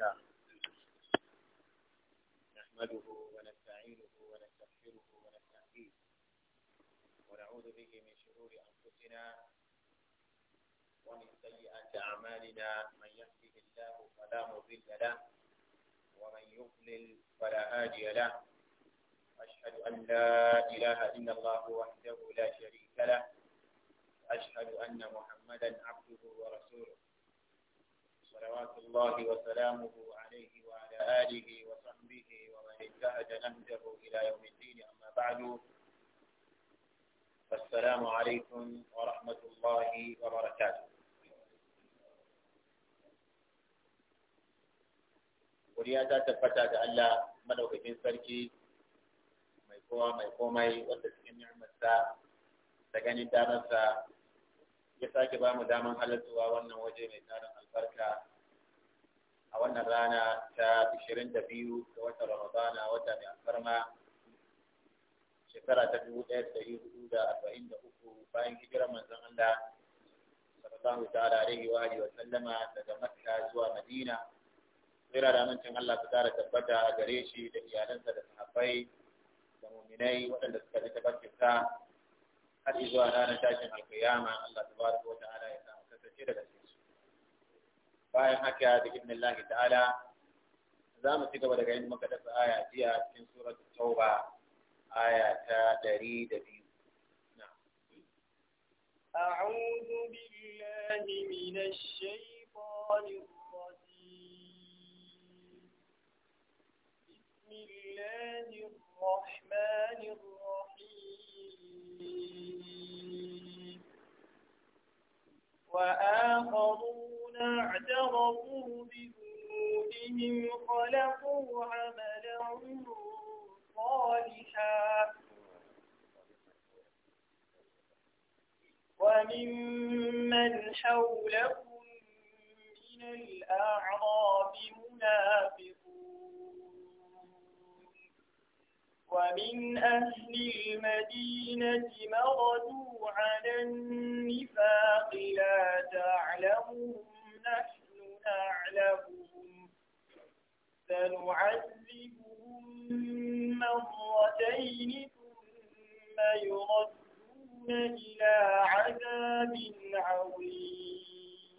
الله نحمده ونستعينه ونستغفره ونستهديه ونعوذ به من شرور أنفسنا ومن سيئات أعمالنا من يهده الله فلا مضل له ومن يضلل فلا هادي له أشهد أن لا إله إلا الله وحده لا شريك له أشهد أن محمدا عبده ورسوله صلوات الله وسلامه عليه وعلى آله وصحبه ومن اجتهد نهجه إلى يوم الدين أما بعد فالسلام عليكم ورحمة الله وبركاته وليا ذات الفتاة ألا ملو بجن سركي ما يقوى ما يقوى ما يقوى ما يقوى ya sake ba mu daman halartuwa wannan waje mai tarin a wannan rana ta 22 ga watan Ramadana wata mai alfarma shekara ta 1443 bayan hijirar manzon Allah sallallahu ta'ala alaihi wa alihi wa sallama daga Makka zuwa Madina tsira da amincin Allah ta tsara tabbata gare shi da iyalansa da sahabbai da muminai waɗanda suka ji sa. har zuwa ranar tashin alƙiyama Allah tabaraka wa ta'ala ya samu kasance daga cikin bayan haka da ibn Allah ta'ala za mu ci gaba daga yin muka dasa aya jiya cikin suratul tauba aya ta 102 أعوذ بالله من الشيطان الرجيم بسم الله الرحمن الرحيم وآخرون فإذا اعترفوا بذنوبهم خلقوا عملا صالحا وممن حولكم من الأعراب منافقون ومن أهل المدينة مردوا على النفاق لا تعلمون نحن أعلمهم سنعذبهم مرتين ثم يردون إلى عذاب عظيم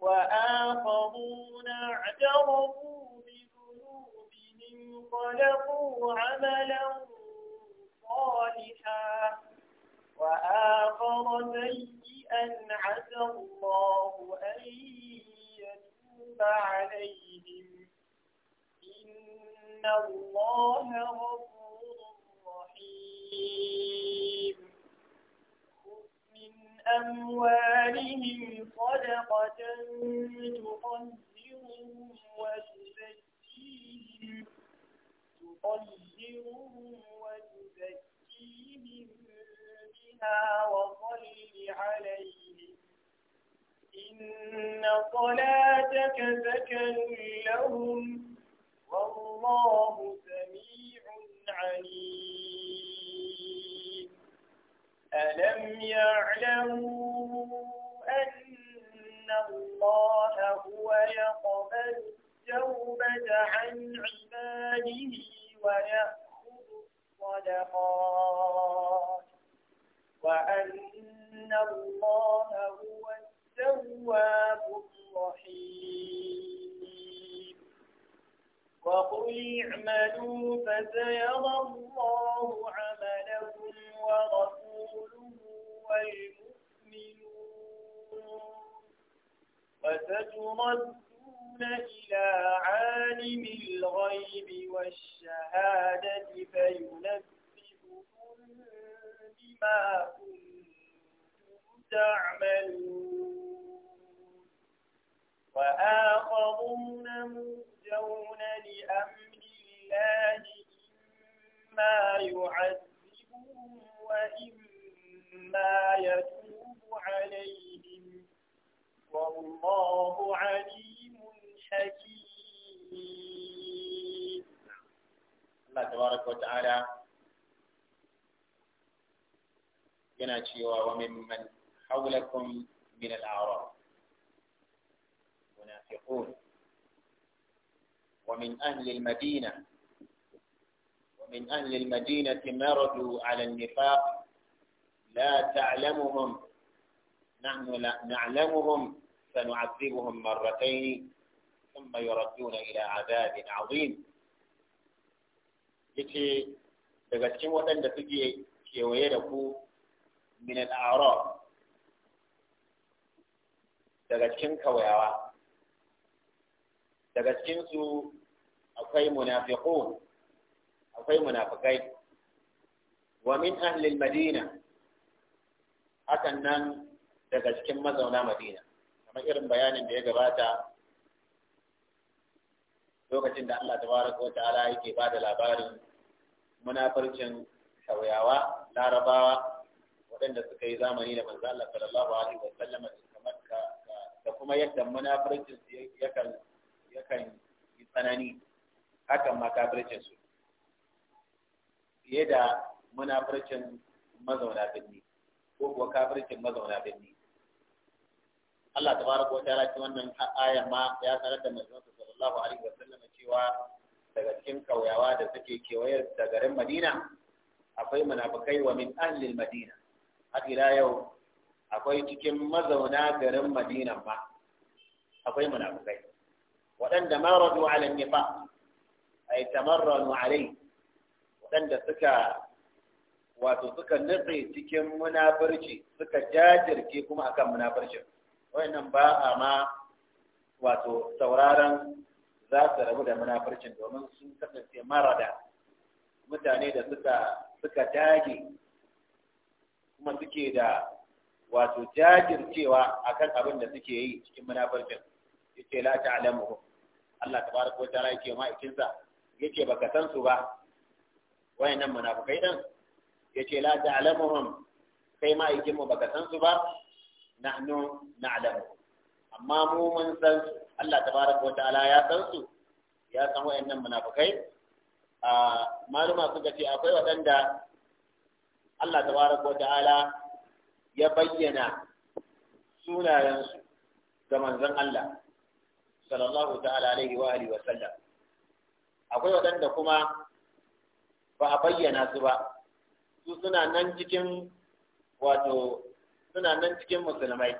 وآخرون اعترفوا بذنوبهم خلقوا عملا صالحا وآخر سيئا أن عسى الله أن يتوب عليهم إن الله غفور رحيم من أموالهم صدقة تطهرهم وتزكيهم تطهرهم وتزكيهم وصل عليهم إن صلاتك سكن لهم والله سميع عليم ألم يعلموا أن الله هو يقبل التوبة عن عباده ويأخذ الصدقات وأن الله هو التواب الرحيم وقل اعملوا فسيرى الله عملكم ورسوله والمؤمنون وستردون إلى عالم الغيب والشهادة ما يتوب عليهم والله عليم حكيم الله تبارك وتعالى يناتي وممن حولكم من الأعراب منافقون ومن أهل المدينة ومن أهل المدينة مرضوا على النفاق لا تعلمهم نحن لا نعلمهم سنعذبهم مرتين ثم يردون إلى عذاب عظيم يتي بغتكي وطن دفجي كي ويدكو من الأعراب بغتكي كويوا بغتكي سو أكوي منافقون أكوي منافقين ومن أهل المدينة hakan nan daga cikin mazauna madina kamar irin bayanin da ya gabata lokacin da Allah tabaraka wata'ala yake ba da labarin munafarcin sauyawa larabawa waɗanda suka yi zamani da manzo Allah sallallahu alaihi wa sallam da kuma yadda munafarcin su yakan yi tsanani hakan ma kafircin su fiye da munafarcin mazauna birni ko kuwa kafircin mazauna birni Allah tabaraka wa ta'ala cikin wannan aya ma ya sanar da manzon sallallahu alaihi wa sallam cewa daga cikin kauyawa da suke kewaye da garin Madina akwai munafikai wa min ahli al-Madina har ila yau akwai cikin mazauna garin Madina ma akwai munafikai waɗanda maradu ala nifaq ay tamarranu alai waɗanda suka wato suka nutse cikin munafurci suka jajirce kuma akan munafurcin wayannan ba a ma wato sauraron za su rabu da munafurcin domin sun kasance marada mutane da suka suka dage kuma suke da wato jajircewa akan abin da suke yi cikin munafurcin yace la ta'lamu Allah tabaraka wa ta'ala yake ma ikinsa yake baka san su ba wayannan munafikai dan yace la ta'lamuhum kai ma yake mu baka san su ba nahnu na'lamu amma mu mun san su Allah tabaraka wataala ya san su ya san wayannan munafikai a maluma suka ce akwai waɗanda Allah tabaraka wataala ya bayyana sunayensu ga manzon Allah sallallahu ta'ala alaihi wa alihi wa sallam akwai waɗanda kuma ba a bayyana su ba su suna nan cikin wato suna nan cikin musulmai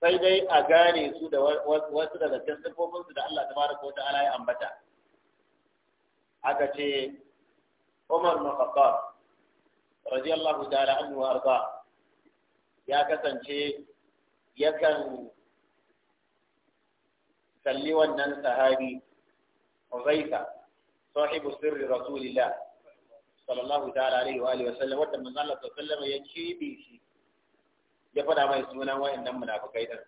sai dai a gane su da wasu daga cikin su da Allah tabaraka wa ta'ala ya ambata aka ce Umar bin Khattab radiyallahu ta'ala anhu wa ya kasance yakan kalli wannan sahabi Uzaifa sahibu sirri rasulillah sallallahu ta'ala alaihi wa alihi wa sallam wanda manzo Allah sallallahu ya shi ya mai sunan wayannan munafikai din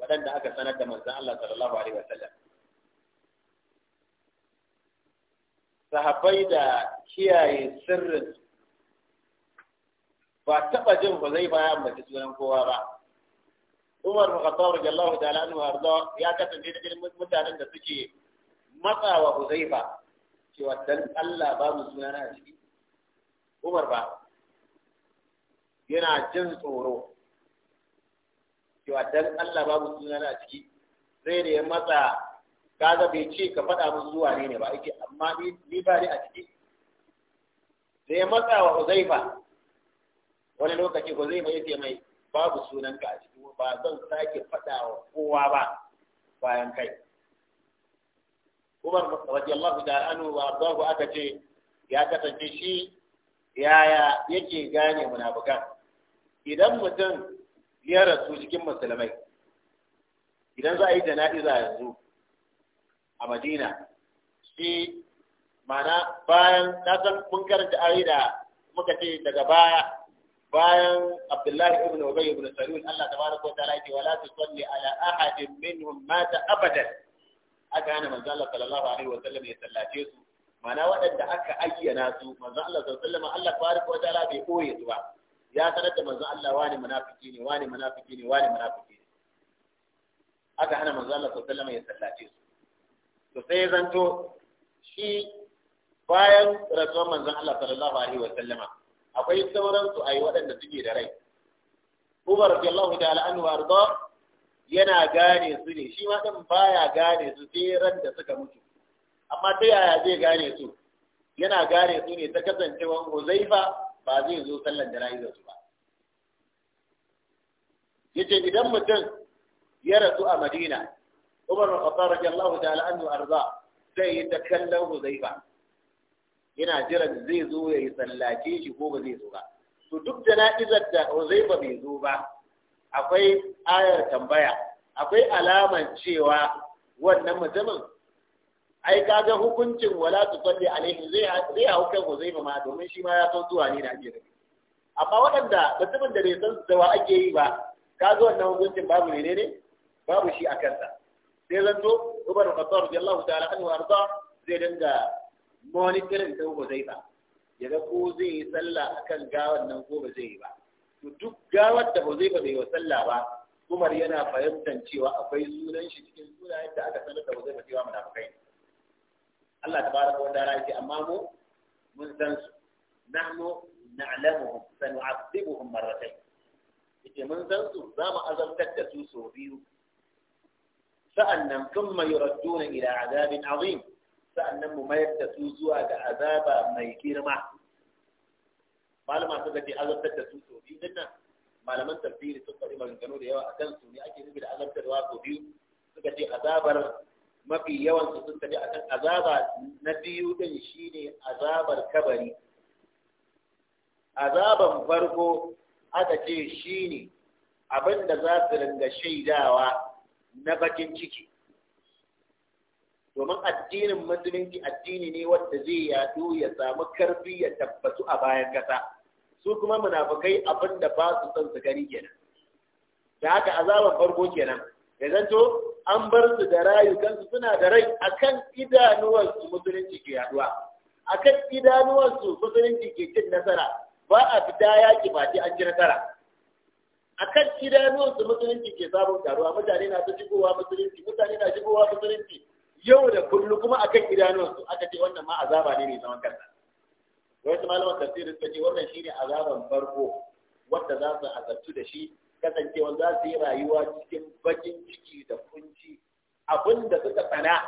waɗanda aka sanar da manzo Allah sallallahu alaihi wa sallam sahabbai da kiyaye sirrin ba taba jin ba zai baya mace sunan kowa ba Umar bin Khattab radiyallahu ta'ala anhu arda ya kasance da mutanen da suke matsawa Huzaifa cewa dan Allah ba mu sunana a ciki Umar ba yana jin tsoro cewa dan Allah babu suna a ciki sai da ya matsa kaga bai ce ka faɗa min zuwa ne ne ba ake amma ni ba ne a ciki Zai ya matsa wa Uzaifa wani lokaci Uzaifa yake mai babu sunanka a ciki ba zan sake faɗa wa kowa ba bayan kai Umar radiyallahu ta'ala anhu wa aka ce ya kasance shi yaya yake gane munafukan idan mutum ya rasu cikin musulmai idan za a yi jana'iza yanzu a madina shi mana bayan na san mun karanta ayi da muka ce daga baya bayan abdullahi ibn ubay ibn salul Allah tabaraka wa ta'ala yake wala tusalli ala ahadin minhum mata abadan aka hana manzo Allah sallallahu alaihi wa sallam ya sallace su mana waɗanda aka ayyana su manzon Allah sallallahu alaihi Allah tabaraka wa ta'ala bai koye su ba ya sanar da manzon Allah wani munafiki ne wani munafiki ne wani munafiki ne aka hana manzon Allah sallallahu alaihi wasallam ya sallace su to sai ya zanto shi bayan rasuwar manzon Allah sallallahu alaihi wasallam akwai sauran su ayi waɗanda suke da rai Umar radiyallahu ta'ala anhu arda yana gane su ne shi ma din baya gane su sai ran da suka mutu amma ta yaya zai gane su yana gane su ne ta kasancewar huzaifa ba zai zo sallan jana'iza su ba yace idan mutum ya rasu a madina umar bin khattab radiyallahu ta'ala al'adu arda zai yi ta kallon huzaifa yana jiran zai zo ya yi sallace shi ko ba zai zo ba to duk jana'izar da huzaifa bai zo ba akwai ayar tambaya akwai alamar cewa wannan mutumin ai kaga hukuncin wala tu salli alaihi zai zai hau kan Huzaifa ma domin shi ma ya san zuwa ne da ake nufi amma waɗanda mutumin da bai san da wa ake yi ba ka zo wannan hukuncin babu ne? babu shi a kansa sai zanto Umar bin Khattab radiyallahu ta'ala anhu arda zai dinga monitoring din Huzaifa ya ga ko zai yi sallah akan gawan nan ko ba zai yi ba to duk gawar da Huzaifa bai yi sallah ba Umar yana fahimtar cewa akwai sunan shi cikin sunayen da aka sanar da Huzaifa cewa munafikai ne الله تبارك وتعالى يجي أمامه من زنسو نحن نعلمهم سنعذبهم مرتين يجي من زنسو زام أزل تكتسو سوبيو فأنم ثم يردون إلى عذاب عظيم فأنم ما يكتسو سوى كعذاب ما يكير معه معلم ما سبب في أزل تكتسو سوبيو لنا معلم أنت في تطريبا من كنوري أكنسو لأكي نبي لأزل تكتسو سوبيو سبب في عذاب mafi yawan su sun tafi akan azaba na biyu din shine azabar kabari azaban farko aka ce shine abinda za su ringa shaidawa na bakin ciki domin addinin musulunci addini ne wanda zai yadu ya samu karfi ya tabbatu a bayan kasa su kuma munafukai abinda ba su son su gani kenan da haka azaban farko kenan ya zanto an bar su da rayukansu suna da rai akan idanuwarsu musulunci ke yaduwa kan idanuwarsu musulunci ke cin nasara ba a fita yaƙi ba ce an ci nasara A kan idanuwarsu musulunci ke sabon karuwa mutane na ta shigowa musulunci mutane na shigowa musulunci yau da kullum kuma a kan idanuwarsu aka ce wannan ma azaba ne ne zaman kansa wasu malaman tafsirin suka ce wannan shine azaban farko wanda za su azabtu da shi kasancewa za su yi rayuwa cikin bakin ciki da kunci abin da suka tsana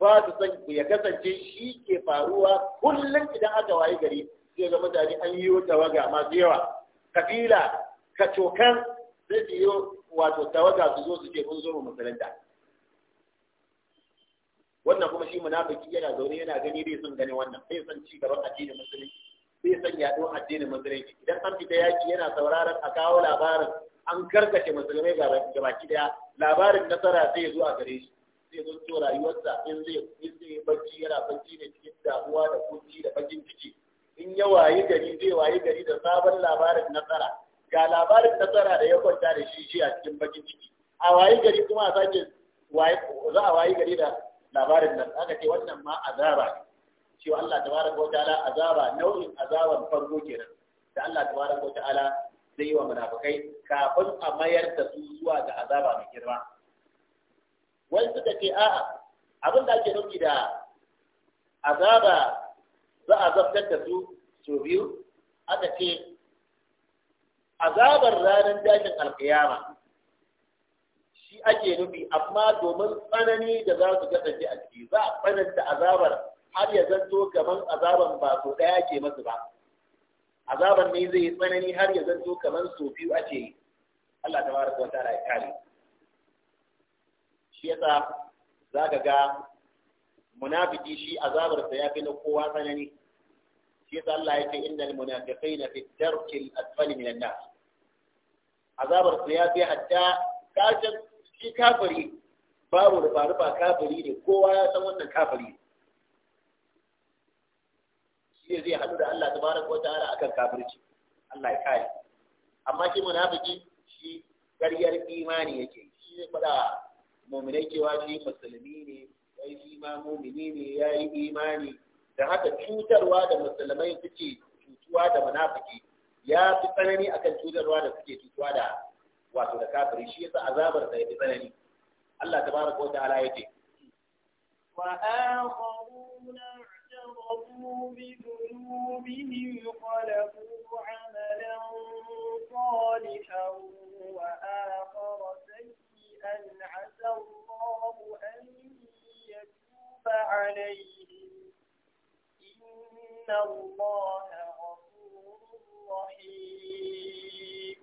ba su san ya kasance shi ke faruwa kullum idan aka wayi gari zai ga mutane an yi wata waga masu yawa kabila kacokan zai su yi wato tawaga su zo su ce kun zo mu musulunta wannan kuma shi munafiki yana zaune yana gani bai son gani wannan bai son ci gaban addinin musulunci sai san yaɗo addinin musulunci idan an fita yaki yana sauraron a kawo labarin an karkace musulmai ga baki daya labarin nasara zai zo a gare shi zai zo to rayuwarsa in zai yi bacci yana bacci ne cikin damuwa da kunci da bakin ciki in ya waye gari zai waye gari da sabon labarin nasara ga labarin nasara da ya kwanta da shi shi a cikin bakin ciki a waye gari kuma a sake za a waye gari da labarin nan aka ce wannan ma azaba ne cewa Allah tabaraka wataala azaba nau'in azaban farko kenan da Allah tabaraka wataala zai yi wa munafikai kafin a mayar da su zuwa ga azaba mai girma wai suka ce a'a abin da ake nufi da azaba za a zabtar da su su biyu aka ce azabar ranar dajin alkiyama shi ake nufi amma domin tsanani da za su kasance a ciki za a tsananta azabar har ya zanto kaman azaban ba so ɗaya ke masu ba azaban ne zai tsanani har ya zanto kaman so biyu ake yi Allah ta baraka wata ya kare shi yasa za ka ga munafiki shi azabarsa ya fi na kowa tsanani shi yasa Allah ya ce innal munafiqina fi darkil asfali minan nar azabar su ya fi hatta kashin, shi kafiri babu rufa rufa kafiri ne kowa ya san wannan kafiri sai zai haɗu da Allah tabaraka wata'ala akan kafirci Allah ya kare amma shi munafiki shi ƙaryar imani yake shi zai faɗa mu'minai cewa shi musulmi ne sai shi ma mu'mini ne yayi imani da haka cutarwa da musulmai suke cutuwa da munafiki ya fi tsanani akan cutarwa da suke cutuwa da wato da kafiri shi yasa azabar da fi tsanani Allah tabaraka wa ta'ala yake wa akharuna كفروا بذنوبهم خلقوا عملا صالحا وآخر سيئا عسى الله أن يتوب عليهم إن الله غفور رحيم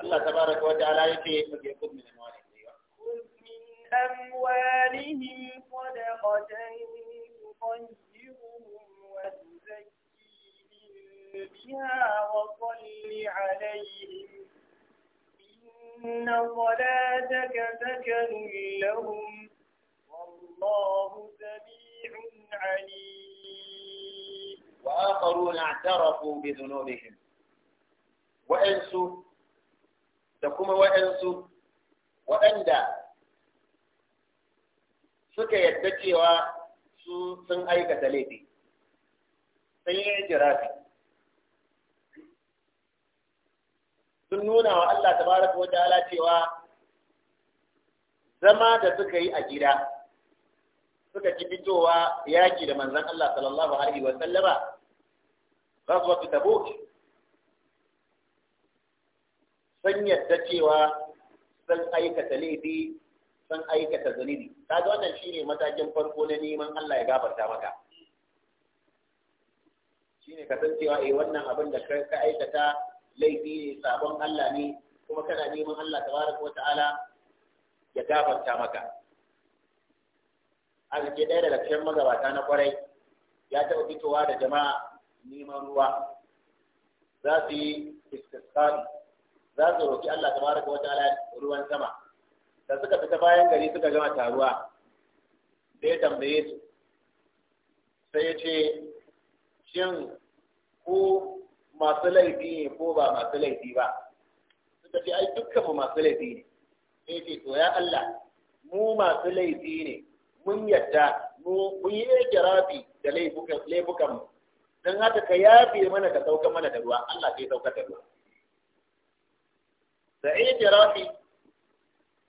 الله تبارك وتعالى يكي يكون من أموالهم خذ من أموالهم صدقة وطهرهم وزكيهم بها وصل عليهم إن صلاتك سكن لهم والله سميع عليم وآخرون اعترفوا بذنوبهم وأنسوا تقوم وأنسوا وأندى suka yadda cewa su sun aikata laifi sun yi jirafi sun nuna wa Allah tabaraka wa ta'ala cewa zama da suka yi a gida suka ci fitowa yaki da manzan Allah sallallahu alaihi ba su ghazwat tabuk sun yadda cewa sun aikata laifi san aikata zunubi ga wannan shine matakin farko na neman Allah ya gafarta maka shine ka san cewa eh wannan abin da ka aikata laifi ne sabon Allah ne kuma kana neman Allah tabaraka wa ta'ala ya gafarta maka a ke ɗaya daga cikin magabata na kwarai ya taɓa fitowa da jama'a neman ruwa za su yi istisqa'i za su roki Allah tabaraka wa ta'ala ruwan sama da suka fita bayan gari suka gama taruwa da ya tambaye su sai ya ce shin ko masu laifi ne ko ba masu laifi ba suka ce ai dukkanmu masu laifi ne sai ce to ya Allah mu masu laifi ne mun yadda mu yi ikirafi da laifukan mu don haka ka yafe mana ka sauka mana da ruwa Allah sai sauka da ruwa da ikirafi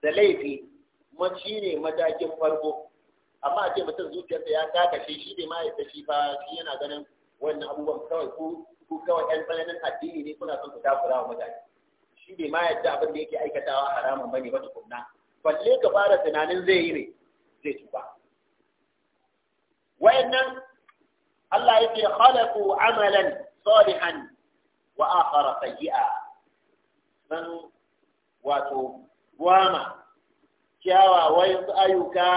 da laifi kuma shi ne matakin farko amma a ce mutum zuciyarsa ya kakashe shi ne ma ya shi fa shi yana ganin wannan abubuwan kawai ku ku kawai ɗan tsananin addini ne kuna son ku takura wa mutane shi ne ma yadda abin da yake aikatawa haramun bane ba tukunna balle ka fara tunanin zai yi ne zai ba wayannan Allah yake khalaqu amalan salihan wa akhara sayyi'a dan wato gwama kyawawan ayyuka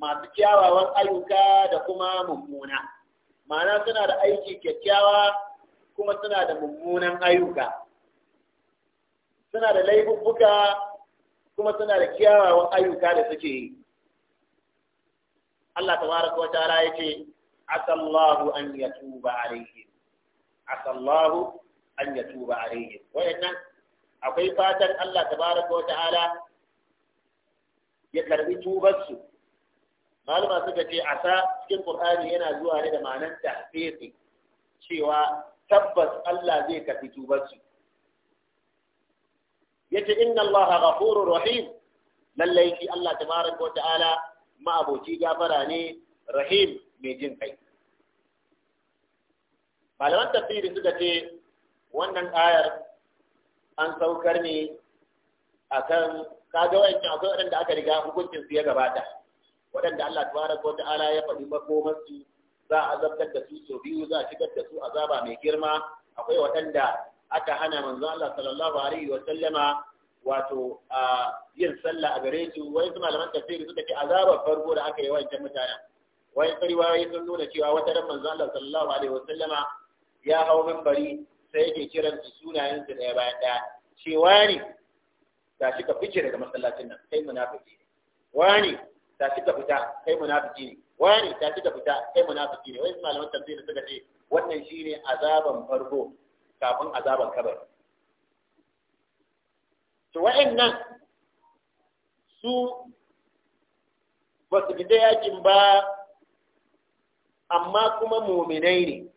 masu kyawawan ayyuka da kuma mummuna ma'ana suna da aiki kyakkyawa kuma suna da mummunan ayyuka suna da laifuffuka kuma suna da kyawawan ayyuka da suke yi Allah tabaraka wa ta'ala yace asallahu an yatuba alayhi asallahu an yatuba alaihim wayannan akwai fatan Allah tabaraka wata'ala ya karbi tubarsu malama suka ce asa cikin qur'ani yana zuwa ne da ma'anar tahqiqi cewa tabbas Allah zai karbi tubarsu Ya ce, inna Allah ghafurur rahim lallai shi Allah tabaraka wata'ala ma'aboci gafara ne rahim mai jin kai malaman tafsiri suka ce wannan ayar an saukar ne kan kaga wayancin akwai waɗanda aka riga hukuncin su ya gabata waɗanda Allah tabaraka wata'ala ya faɗi makomar masu za a azabtar da su sau biyu za a shigar da su azaba mai girma akwai waɗanda aka hana manzo Allah sallallahu alaihi wa sallama wato yin sallah a gare su wai su malaman tafsiri suka ce azabar farko da aka yi wa wancan mutanen wai tsariwayoyi sun nuna cewa wata ran manzo Allah sallallahu alaihi wa sallama ya hau mimbari sai yake kiran su sunayen su ya bayan ɗaya ce wani ta shi ka fice daga masallacin nan kai munafiki ne wani ta shi ka fita kai munafiki ne wani ta shi ka fita kai munafiki ne wai malaman tafsiri suka ce wannan shine azaban farko kafin azaban kabari to wa'annan su ba su fita yakin ba amma kuma muminai ne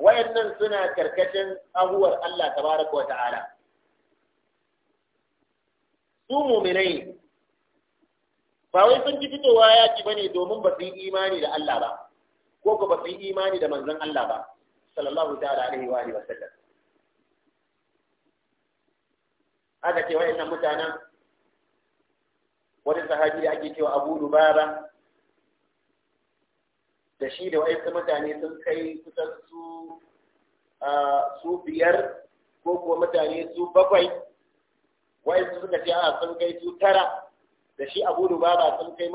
wayannan suna karkashin ahuwar Allah tabaraka wa ta'ala su mu'minai ba wai sun ji fitowa ci bane domin ba su yi imani da Allah ba ko ko ba su yi imani da manzon Allah ba sallallahu ta'ala alaihi wa alihi wasallam sallam aka ce wayannan mutanen wani sahabi da ake cewa Abu Lubaba da shi da wa'yansu mutane sun kai kusan su su biyar ko kuwa mutane su bakwai wa'yansu suka ce a sun kai su tara da shi abu ba sun kai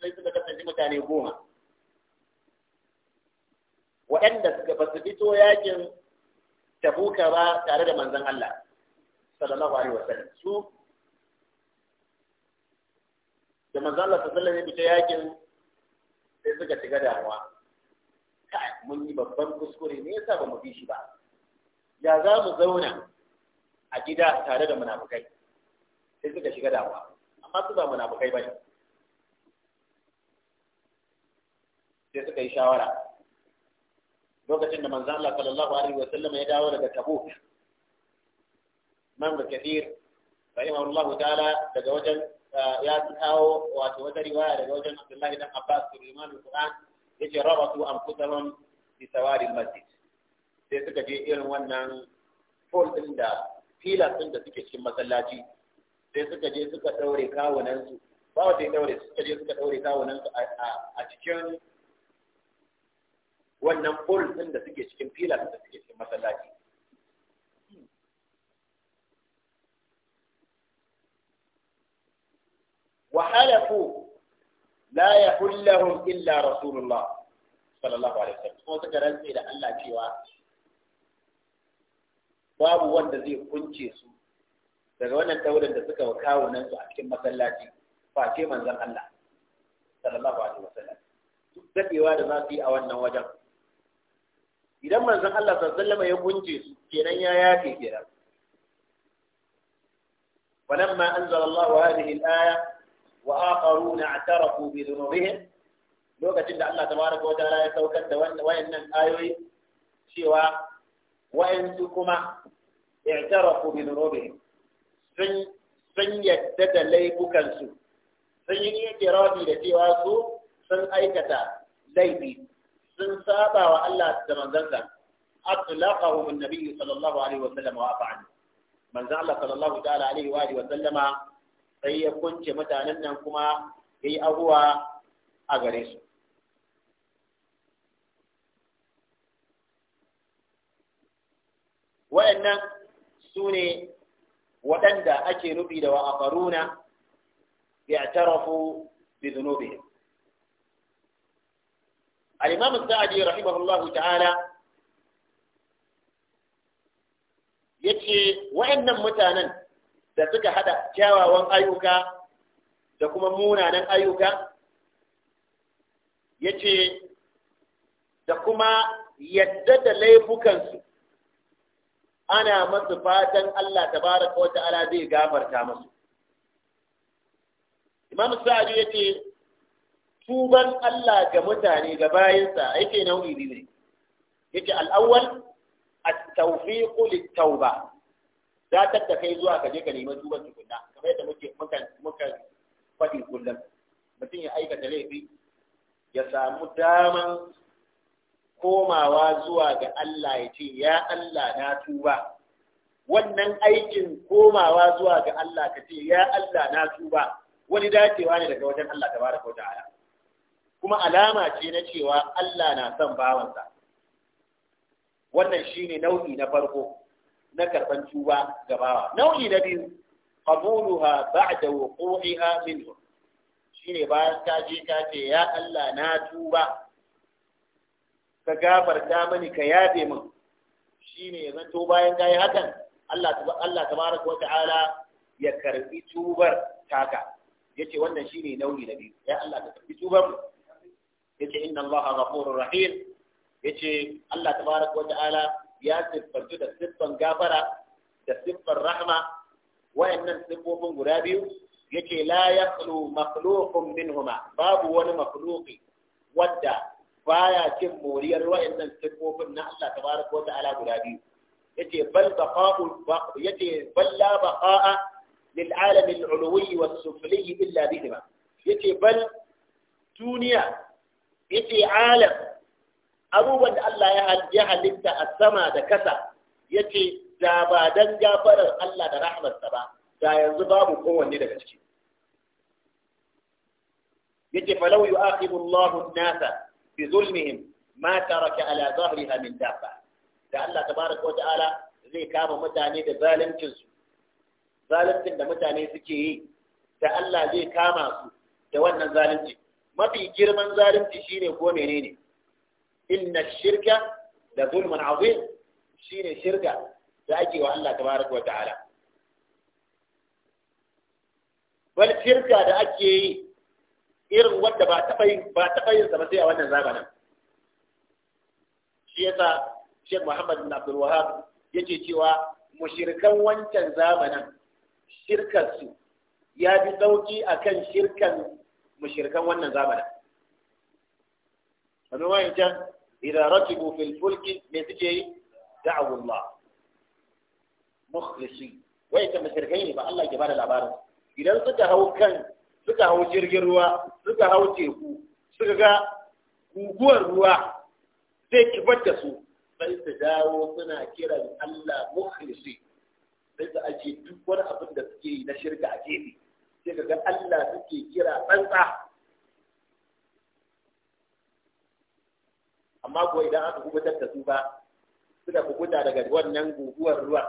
sai suka kasance mutane goma waɗanda suka ba su fito yakin tabuka ba tare da manzon Allah sallallahu alaihi wasallam su da manzon Allah sallallahu alaihi wasallam ya fita yakin sai suka shiga damuwa kai mun yi babban kuskure ne yasa ba mu bi shi ba ya za mu zauna a gida tare da munafukai sai suka shiga damuwa amma su ba munafukai bane sai suka yi shawara lokacin da manzon Allah sallallahu alaihi wa sallam ya dawo daga Tabuk man da kadir rahimahullahu ta'ala daga wajen ya kawo wato wata riwaya daga wajen Abdullahi dan Abbas Sulaiman al-Qur'an yace rabatu anfusahum bi sawari masjid sai suka je irin wannan pole din da filas din da suke cikin masallaci sai suka je suka daure kawunan su ba wata ya daure suka je suka daure kawunan su a cikin wannan pole din da suke cikin filas da suke cikin masallaci وحلفوا لا يحل لهم إلا رسول الله صلى الله عليه وسلم kuma suka rantse da Allah babu wanda zai kunce su daga wannan taurin da suka kawo nan su a cikin masallaci ce manzon Allah sallallahu alaihi wasallam duk dadewa da za su yi a wannan wajen idan manzon Allah sallallahu alaihi wasallam ya kunce su kenan ya yafe kenan falamma anzala Allah hadhihi al-aya وآخرون اعترفوا بذنوبهم lokacin da Allah tabaraka wa ta'ala ya saukar da wayannan ayoyi cewa wayansu kuma i'tarafu bi dhunubihim sun sun yadda da laifukan su sun yi ikirafi da cewa su sun aikata laifi sun saba wa Allah da manzansa atlaqahum an-nabiy sallallahu alaihi wa sallallahu ta'ala wa sallama sai ya kunce mutanen nan kuma ya yi abuwa a gare su Waɗannan su ne waɗanda ake nufi da wa'afaruna ya tarafu bi zunubihim sa’adi, السعدي رحمه الله تعالى يتي وإن mutanen. da suka hada kyawawan ayyuka da kuma munanan ayyuka yace da kuma yadda da laifukansu ana masu fatan Allah tabaraka wa ta'ala zai gafarta masu Imam Sa'adu yace tuban Allah ga mutane ga bayansa yake nau'i biyu ne yake al-awwal at-tawfiq lit-tauba datar ta kai zuwa ka je ka nemi tuban tukunna kamar yadda muke muka muka faɗi kullum mutum ya aikata laifi ya samu daman komawa zuwa ga Allah ya ce ya Allah na tuba wannan aikin komawa zuwa ga Allah ka ce ya Allah na tuba wani dacewa ne daga wajen Allah tabaraka wa ta'ala kuma alama ce na cewa Allah na son bawansa wannan shine nau'i na farko na karban tuba ga bawa nau'i na biyu qabuluha ba'da wuqu'iha minhu shine bayan ka je ka ce ya Allah na tuba ka gafarta mani ka yabe min shine zan to bayan kai hakan Allah Allah tabaraka wa ta'ala ya karbi tubar taka yace wannan shine nau'i na biyu ya Allah ka karbi tubar mu yace inna Allah ghafurur rahim yace Allah tabaraka wa ta'ala ya siffantu da siffan gafara da siffan rahma wayannan siffofin guda biyu yace la yaqlu makhluqun minhuma babu wani makhluqi wanda baya cin moriyar wayannan siffofin na Allah tabaraka wa ta'ala guda biyu yace bal baqa'u yace bal la baqa'a lil alami al ulwi was sufli illa bihima yace bal duniya yace alam abubuwan da Allah ya halitta a sama da kasa ya ce da ba don gafarar Allah da rahmarsa ba da yanzu babu kowanne daga ciki ya ce falau yi akhidullahu nasa bi zulmihim ma taraka ala zahriha min dabba da Allah tabaraka wa ta'ala zai kama mutane da zaluncin su zaluncin da mutane suke yi da Allah zai kama su da wannan zalunci mafi girman zalunci shine ko menene inna shirka da zulman azim shine shirka da ake wa Allah tabaraka wa ta'ala bal shirka da ake yi irin wanda ba ta yin ba taɓa yin ba sai a wannan zamanin shi yasa Sheikh Muhammad bin Abdul Wahhab yake cewa mushirkan wancan zamanin shirkar su ya bi sauki akan shirkan mushirkan wannan zamanin kamar wancan idan rakibu fil fulki me suke yi da'awu Allah wai ta mushrikai ne ba Allah ke bada labarin idan suka hau kan suka hau jirgin ruwa suka hau teku suka ga guguwar ruwa zai kibar da su sai su dawo suna kiran Allah mukhlisi sai duk wani abin da suke yi na shirka a gefe sai ka ga Allah suke kira tsantsa amma kuwa idan aka kubutar da su ba suka kubuta daga wannan guguwar ruwa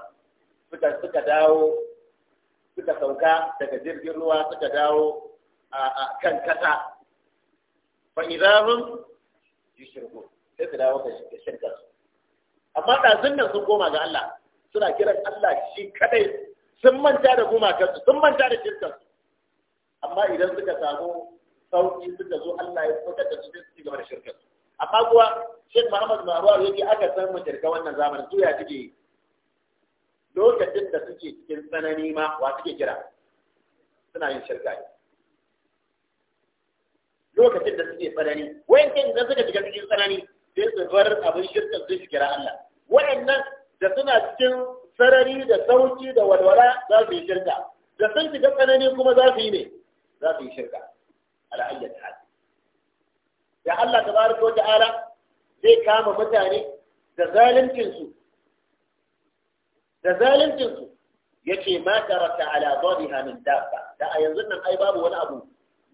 suka suka dawo suka sauka daga jirgin ruwa suka dawo a kan kasa fa idahum yushriku sai su dawo da su. amma ɗazun nan sun koma ga Allah suna kiran Allah shi kadai sun manta da gumakansu sun manta da su. amma idan suka samu sauki suka zo Allah ya fitar da su sai su ci gaba da su. amma kuwa shek Muhammad Marwa yake aka san majalika wannan zamanin su ya cike lokacin da suke cikin tsanani ma wa suke kira suna yin shirka ne lokacin da suke tsanani wayancan da suka shiga cikin tsanani sai su bar abin shirka su kira Allah wayannan da suna cikin sarari da sauki da walwala za su yi shirka da sun shiga tsanani kuma za su yi ne za su yi shirka ala ayyata da Allah tabaraka wa ta'ala zai kama mutane da zaluncinsu da yake ma tarata ala dhariha min dabba da a yanzu nan ai babu wani abu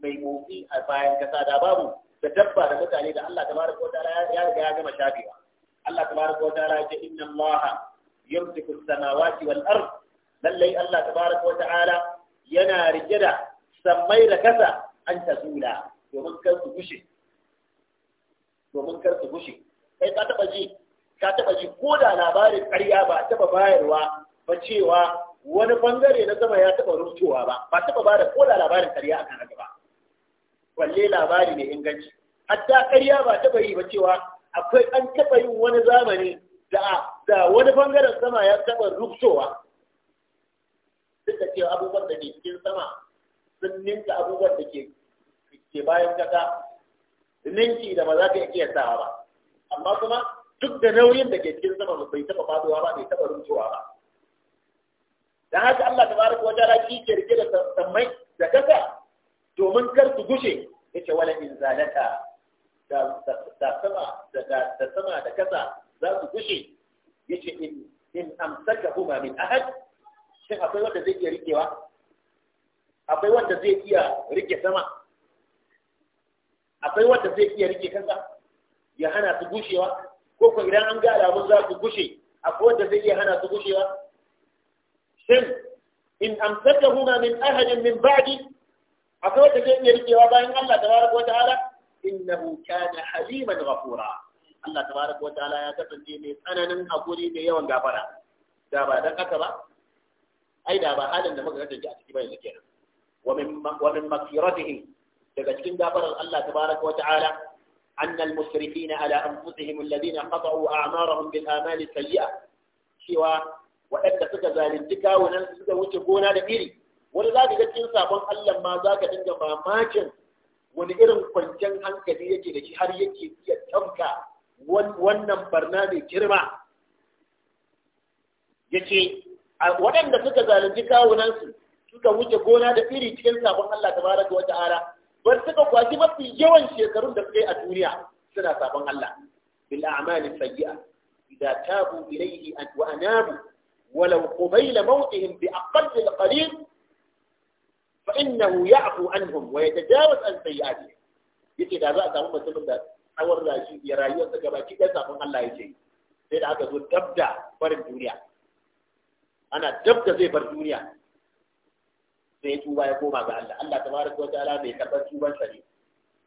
mai motsi a bayan kasa da babu da dabba da mutane da Allah tabaraka wa ta'ala ya riga ya gama shafewa Allah tabaraka wa ta'ala ya inna Allah yamsiku as-samawati wal ard lallai Allah tabaraka wa ta'ala yana rike da sammai da kasa an tazula domin kar su gushe domin kar su gushe kai ka taba ji ka taba ji ko da labarin ƙarya ba taba bayarwa ba cewa wani bangare na sama ya taba rubutowa ba ba taba bada ko da labarin ƙarya a kan ba walle labari mai inganci hatta ƙarya ba taba yi ba cewa akwai an taba yin wani zamani da da wani bangaren sama ya taba rubutowa duk da cewa abubuwan da ke cikin sama sun ninka abubuwan da ke bayan kasa ninki da ba za ka iya sawa ba amma kuma duk da nauyin da ke cikin sama bai taba faduwa ba bai taba runtuwa ba dan haka Allah tabaraka wa ta'ala ki ke rike da sammai da kasa domin kar su gushe yace wala in zalata da sama da sama da kasa za su gushe yace in in amsakahuma min ahad shin akwai wanda zai iya rikewa akwai wanda zai iya rike sama akwai wanda zai iya rike kansa ya hana su gushewa ko ko idan an ga alamun za su gushe akwai wanda zai iya hana su gushewa shin in amsakahuma min ahadin min ba'di akwai wanda zai iya rikewa bayan Allah tabaraka wa ta'ala innahu kana haliman ghafura Allah tabaraka wa ta'ala ya kasance mai tsananin hakuri da yawan gafara da ba dan haka ba ai da ba halin da muka kasance a ciki bai kenan wa min wa min makiratihi daga cikin gafaran Allah tabaraka wa ta'ala anna al-musrifina ala anfusihim alladhina qata'u a'marahum bil amali sayyi'a cewa waɗanda suka zalunci kawunan suka wuce gona da iri wani za ka ga cikin sabon Allah ma za ka dinga mamakin wani irin kwanciyar hankali yake da shi har yake iya tamka wannan barna mai girma yake waɗanda suka zalunci kawunansu suka wuce gona da iri cikin sabon Allah tabaraka wa ta'ala wanda suka mafi yawan shekarun da suka yi a duniya suna sabon Allah bil a'mali sayyi'a idza tabu ilayhi wa anabu ولو قبيل موتهم بأقل القليل فإنه يعفو عنهم ويتجاوز عن سيئاتهم yake da za a samu mutumin da tsawon rashi ya rayuwarsa gaba ki ɗan samun Allah ya ce sai da aka zo dabda barin duniya ana dabda zai bar duniya sai ya tuba ya koma ga Allah Allah tabaraka wa ta'ala mai karɓar tuban sa ne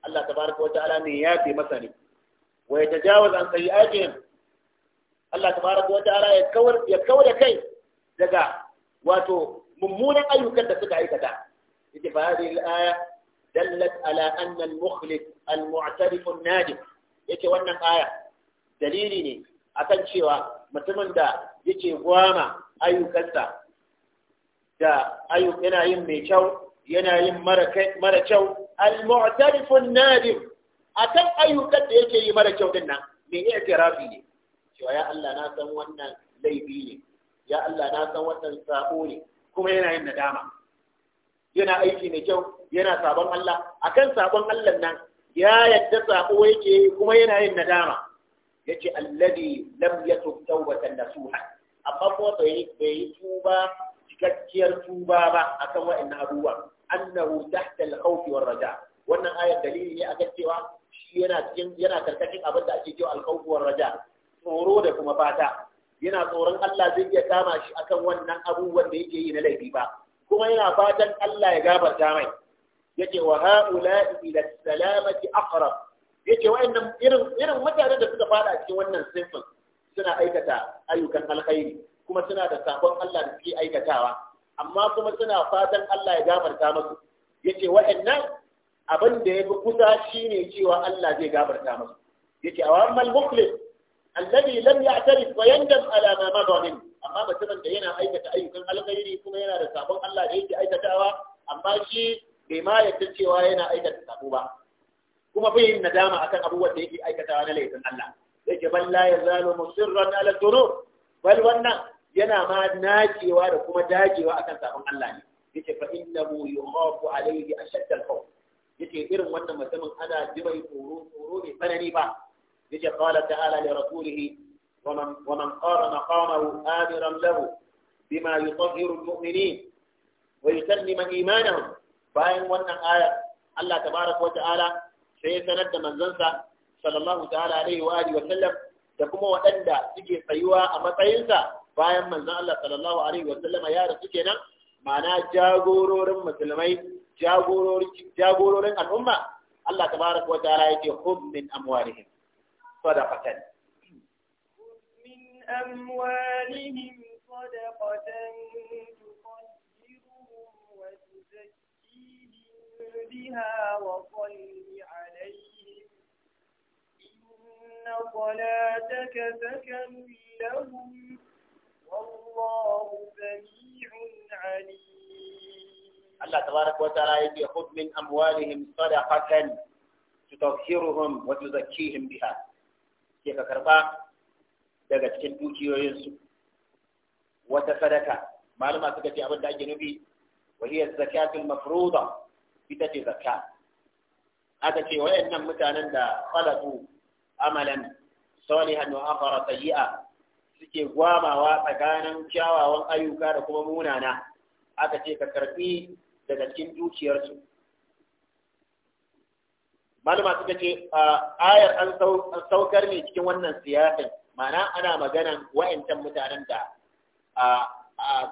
Allah tabaraka wa ta'ala mai yafe masa ne wa yatajawaz an sayyi'atihim Allah tabaraka wa ta'ala ya kawar ya kawar da kai daga wato mummunan ayyukan da suka aikata ita fa hadhihi al-aya dallat ala anna al-mukhlis al-mu'tarif an-nadim yake wannan aya dalili ne akan cewa mutumin da yake gwama ayyukansa da ayu yana yin mai kyau yana yin mara kyau al-mu'tarifun nadim akan ayyukan da yake yi mara kyau din nan me rafi ne cewa ya Allah na san wannan laifi ne ya Allah na san wannan sabo ne kuma yana yin nadama yana aiki mai kyau yana sabon Allah akan sabon Allah nan ya yadda sabo yake kuma yana yin nadama yace alladhi lam yatub tawbatan nasuha amma ko bai bai tuba cikakkiyar tuba ba akan wa'annan abubuwa annahu tahta al war raja wannan ayar dalili ne akan cewa shi yana cikin yana karkashin abin da ake cewa al-khawf war raja tsoro da kuma fata yana tsoron Allah zai iya kama shi akan wannan abubuwan da yake yi na laifi ba kuma yana fatan Allah ya gafarta mai yake wa ha'ula'i ila salamati aqrab yake wa'annan irin irin mutanen da suka fada cikin wannan sifin suna aikata ayyukan alkhairi kuma suna da sakon Allah da suke aikatawa amma kuma suna fatan Allah ya gafarta musu yace wa'annan abin da yafi kusa shine cewa Allah zai gafarta musu yace awammal mukhlis alladhi lam ya'tarif wa yandam ala ma madha min amma mutumin da yana aikata ayyukan alkhairi kuma yana da sakon Allah da yake aikatawa amma shi bai ma yarda cewa yana aikata sako ba kuma bai yin nadama akan abubuwan da yake aikatawa na laifin Allah yake bal la yazalu musirran ala dhunub bal wannan yana ma nacewa da kuma dagewa akan sabon Allah ne yace fa innahu yukhafu alayhi ashadda al-khawf yace irin wannan mutumin ana jirai tsoro tsoro ne tsanani ba yace qala ta'ala li rasulihi wa man wa man qara maqamahu amiran lahu bima yutahhiru al-mu'minin wa yusallimu imanahum bayan wannan aya Allah tabaraka wa ta'ala sai sanar da manzansa sallallahu ta'ala alaihi wa alihi wa sallam da kuma waɗanda suke tsayuwa a matsayinsa bayan manzon Allah sallallahu alaihi wa sallama ya rasu kenan ma'ana jagororin musulmai jagororin jagororin al'umma Allah tabaraka wa ta'ala yake hum min amwalihim sadaqatan min amwalihim sadaqatan tuqaddiruhum wa tuzakkihim biha wa salli alaihim والله سميع عليم الله تبارك وتعالى يجي خذ من أموالهم صدقة تطهرهم وتزكيهم بها كيف كربا daga cikin dukiyoyinsu wata sadaka malama suka ce abin da ake nufi wa hiya zakatul mafruḍa ita ce zakka aka ce wayannan mutanen da khalaqu amalan salihan wa akhara sayyi'a suke gwamawa tsakanin kyawawan ayyuka da kuma munana aka ce ka karbi daga cikin dukiyarsu malama suka ce ayar an saukar ne cikin wannan siyasin ma'ana ana maganan wa'ancan mutanen da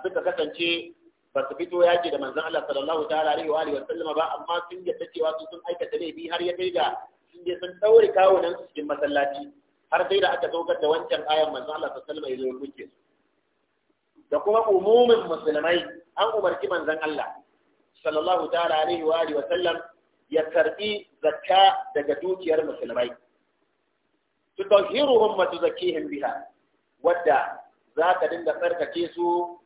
suka kasance ba su fito yaki da manzan Allah sallallahu ta'ala alaihi wa alihi wa sallama ba amma sun yadda cewa sun aikata laifi har ya kai ga sun je sun daure kawunan cikin masallaci har sai da aka saukar da wancan ayan manzo Allah sallallahu alaihi wasallam ya da kuma umumin musulmai an umarci manzon Allah sallallahu ta'ala alaihi wa alihi wa ya karbi zakka daga dukiyar musulmai tutahhiruhum wa tuzakkihim biha wadda za dinga tsarkake su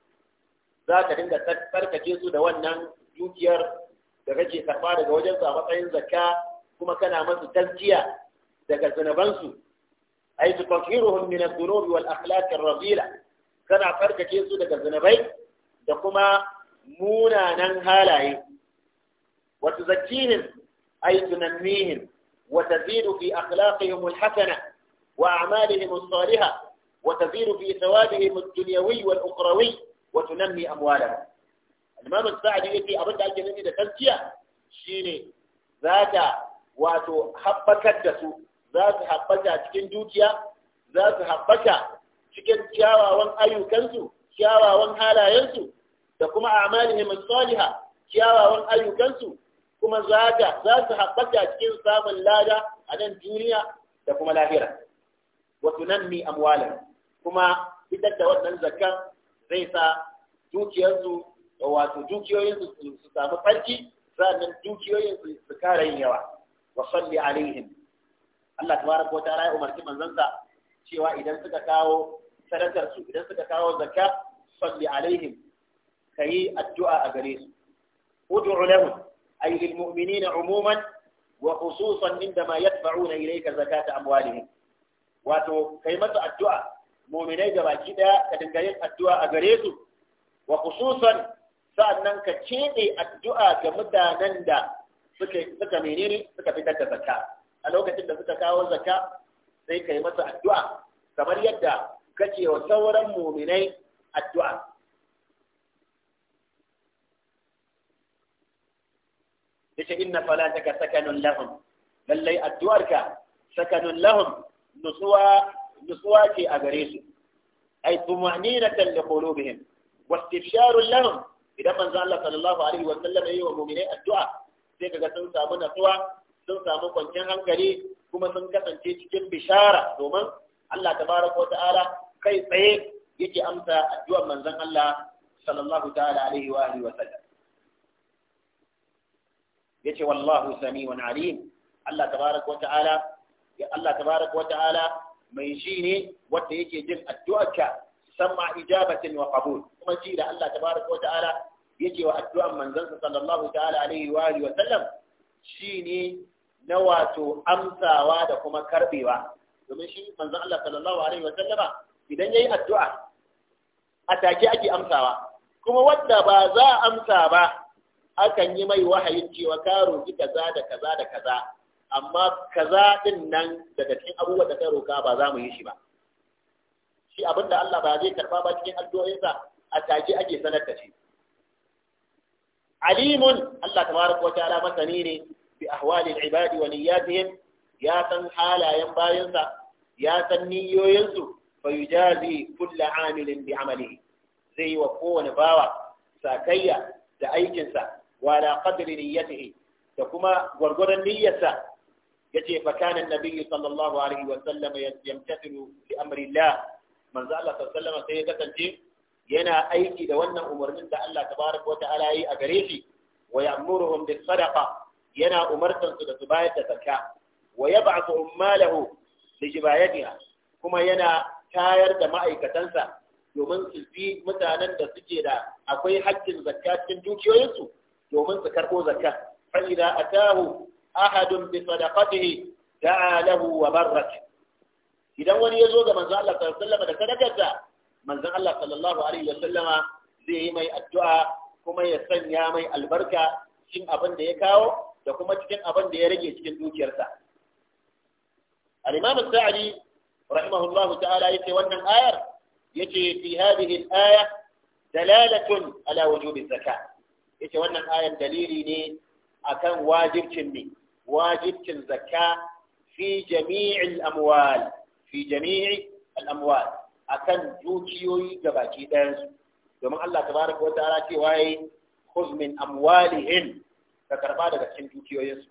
zaka dinga tsarkake su da wannan dukiyar da kake karba daga wajen su a matsayin zakka kuma kana masu tazkiya daga zunubansu حيث تطهيرهم من الذنوب والأخلاق الرذيلة كان فرق كيسو دك الزنبي دكما مونا ننهالاي وتزكيهم أي تنميهم وتزيد في أخلاقهم الحسنة وأعمالهم الصالحة وتزيد في ثوابهم الدنيوي والأخروي وتنمي أموالهم الإمام السعدي في أبدا الجنة تزكية شيني ذاتا واتو حبكت دسو za su haɓaka cikin dukiya za su haɓaka cikin kyawawan ayyukansu kyawawan halayensu da kuma amalihim salihah kyawawan ayyukansu kuma zaga za su haɓaka cikin samun lada a nan duniya da kuma lahira wa tunanni amwala kuma fitar da wannan zakkan zai sa dukiyarsu wato dukiyoyinsu su samu farki sannan dukiyoyin su kara yin yawa wa salli alaihim Allah tabaraka wa ta'ala ya umarci manzansa cewa idan suka kawo sadakar su idan suka kawo zakka salli alaihim kayi addu'a a gare su ud'u lahum ay lil mu'minina umuman wa khususan ma yadfa'una ilayka zakata amwalihim wato kai masa addu'a mu'minai baki daya ka dinga yin addu'a a gare su wa khususan sa'annan ka cede addu'a ga mutanen da suka suka menene suka fitar da zakka a lokacin da suka kawo zakka sai kai masa addu'a kamar yadda kace wa sauran mu'minai addu'a yace inna salataka sakanun lahum lallai addu'arka sakanun lahum nutsuwa nutsuwa ce a gare su ay tumaninatan li qulubihim wastifsharun lahum idan manzan Allah sallallahu alaihi wa ya yi wa mu'minai addu'a sai kaga sun samu nutsuwa sun samu kwanciyar hankali kuma sun kasance cikin bishara domin Allah wa ta'ala kai tsaye yake amsa addu'ar manzon Allah sallallahu ta'ala alaihi wa alihi wa sallam yace wallahu sami'un alim Allah tabaraka wa ta'ala ya Allah tabaraka wa ta'ala mai shi ne wanda yake jin addu'arka samma ijabatin wa qabul kuma shi da Allah tabaraka wa ta'ala yake wa addu'ar manzon sallallahu ta'ala alaihi wa alihi wa sallam shine na wato amsawa da kuma karbewa domin shi manzon Allah sallallahu alaihi wasallama idan yayi addu'a a take ake amsawa kuma wanda ba za a amsa ba akan yi mai wahayin cewa ka roki kaza da kaza da kaza amma kaza din nan daga cikin abubuwan da ka roka ba za mu yi shi ba shi abinda Allah ba zai karba ba cikin addu'o'insa a take ake sanar da shi alimun Allah tabaraka wa ta'ala masani ne bi ahwalil ibadi wa niyyatihim ya san halayen bayansa ya san niyoyinsu fa yujazi kullu amilin bi amalihi zai yi wa kowane bawa sakayya da aikinsa wa la qadri niyyatihi da kuma gwargwadon niyyarsa yace fa kana annabi sallallahu alaihi wa sallam yamtasilu li amri Allah manzo Allah sallallahu alaihi wa sallam sai ya kasance yana aiki da wannan umarnin da Allah ta wa ta'ala yi a gare shi wa ya'muruhum bis sadaqa yana umartan su da su bayar da zakka wa yab'athu ummalahu li jibayatiha kuma yana tayar da ma'aikatansa domin su bi mutanen da suke da akwai haƙƙin zakka cikin dukiyoyinsu domin su karɓo zakka fa idza atahu ahadun bi sadaqatihi da'a lahu wa barrak idan wani ya zo ga manzon Allah sallallahu alaihi wasallam da sadakarsa manzon Allah sallallahu alaihi sallama, zai yi mai addu'a kuma ya sanya mai albarka cikin abin da ya kawo da kuma cikin abin da ya rage cikin dukiyarsa al-imam sa'di rahimahullahu ta'ala yace wannan ayar yake fi hadhihi aya dalalatun ala wujubi zakat yace wannan ayar dalili ne akan wajibcin ne wajibcin zakka fi jami'il amwal fi jami'i al-amwal akan dukiyoyi gabaki ɗayansu domin Allah tabaraka wa ta'ala cewa yayi khuz min amwalihim ka karba daga cikin dukiyoyinsu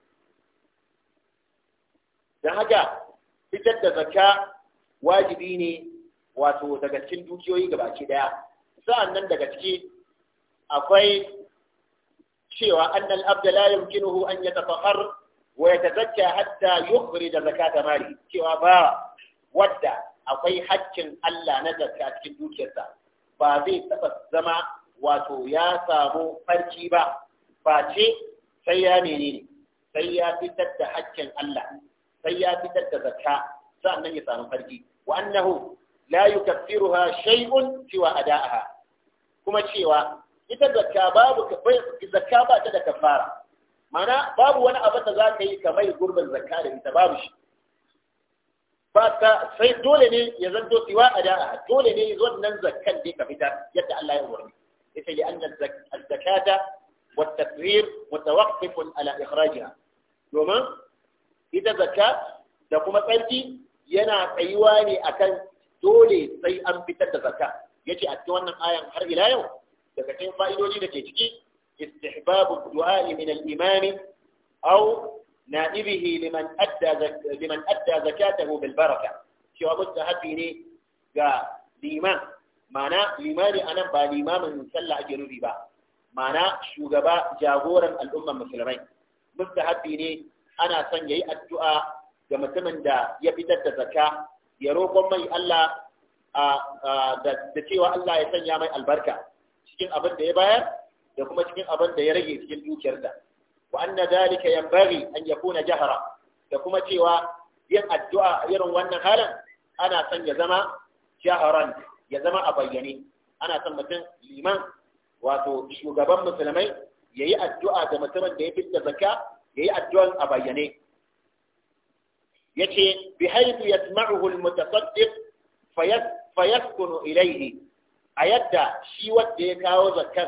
don haka fitar da zakka wajibi ne wato daga cikin dukiyoyi gabaki daya sa'an nan daga ciki akwai cewa annal abda la yumkinuhu an yatafakhar wa yatazakka hatta da zakka ta mari, cewa ba wadda akwai haƙƙin Allah na zakka cikin dukiyarsa ba zai taɓa zama wato ya samu farki ba face sai ya menene sai ya fitar da haƙƙin Allah sai ya fitar da zakka sannan ya samu farki wa annahu la yukaffiruha shay'un siwa ada'aha kuma cewa ita zakka babu zakka ba ta da kafara mana babu wani abu da zaka yi kamar gurbin zakka da ita babu shi ba ta sai dole ne ya zanto siwa ada'aha dole ne wannan zakkan da ka fitar yadda Allah ya umarni ita li anna zakata والتكرير متوقف على إخراجها domin ita zakka da kuma tsarki yana tsayuwa ne akan dole sai an fitar da zakka yace a cikin wannan ayan har ila yau daga cikin da ke ciki istihbabu du'a min al-imami aw na'ibihi liman adda liman adda zakatahu bil baraka cewa ne ga liman mana limani anan ba limamin sallah ake rubi ba ma'ana shugaba jagoran al'ummar musulmai mustahabbi ne ana son yi addu'a ga mutumin da ya fitar da zakka ya roƙon mai Allah da cewa Allah ya sanya mai albarka cikin abin da ya bayar da kuma cikin abin da ya rage cikin dukiyar da wa anna zalika yanbaghi an yakuna jahra da kuma cewa yin addu'a irin wannan halin ana son ya zama jaharan ya zama a bayyane ana son mutum liman wato shugaban musulmai yayi addu'a ga mutumin da ya fitta zakka yi addu'an a bayyane ce, bi haythu yasma'uhu al-mutasaddiq fayaskunu Ilaihi, a yadda shi wanda ya kawo zakkar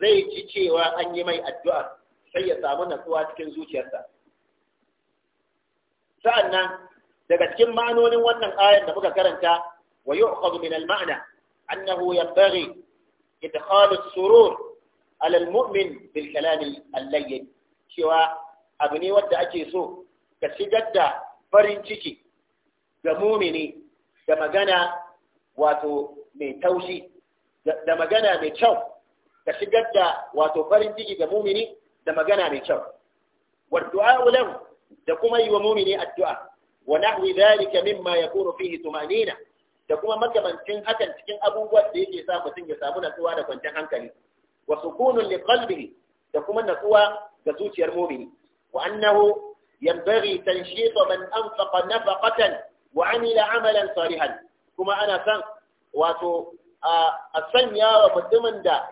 zai ci cewa an yi mai addu'a sai ya samu natsuwa cikin zuciyarsa sa'annan daga cikin ma'anonin wannan ayar da muka karanta wa yu'khadhu ma'ana al-ma'na annahu yanbaghi idkhal as-surur ala al-mu'min bil kalam cewa abu ne wanda ake so ka shigar da farin ciki ga mumini da magana mai kyau ka shigar da wato farin ciki ga mumini da magana mai kyau wa da kuma yi mumini addu'a wa nahwi dhalika mimma yakunu da kuma makamancin hakan cikin abubuwan da yake sa mutum ya samu natsuwa da kwanciyar hankali wa sukunun li da kuma natsuwa ga zuciyar mu'mini wa annahu yanbaghi tanshitu man anfaqa nafaqatan wa amila amalan salihan kuma ana san wato a sanya wa mutumin da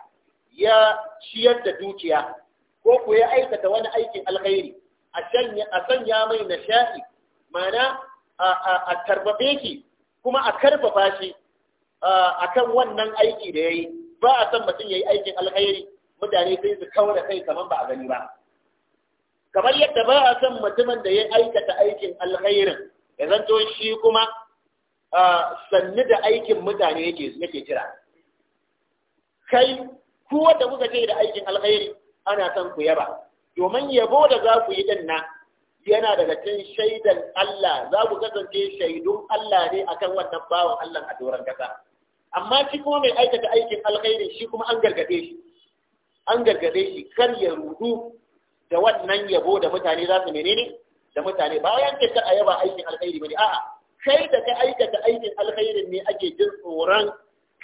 ya ciyar da dukiya ko ku ya aikata wani aikin alkhairi a sanya mai nasha'i mana a tarbabe shi kuma a karfafa shi a kan wannan aiki da ya yi, ba a san mutum ya yi aikin alkhairi mutane sai su kaura kai kamar ba a gani ba kamar yadda ba a san mutumin da ya aikata aikin alkhairin ya zanto shi kuma sannu da aikin mutane yake yake kira kai ku wanda kuka ce da aikin alkhairi ana san ku yaba domin yabo da za ku yi din nan yana daga cikin shaidan Allah za ku kasance shaidun Allah ne akan wannan bawan Allah a doron kasa amma shi kuma mai aikata aikin alkhairi shi kuma an gargade shi an gargade shi kar ya rudu da wannan yabo da mutane za su menene da mutane bayan ke kar a yaba aikin alkhairi bane a'a kai da ka aikata aikin alkhairin ne ake jin tsoron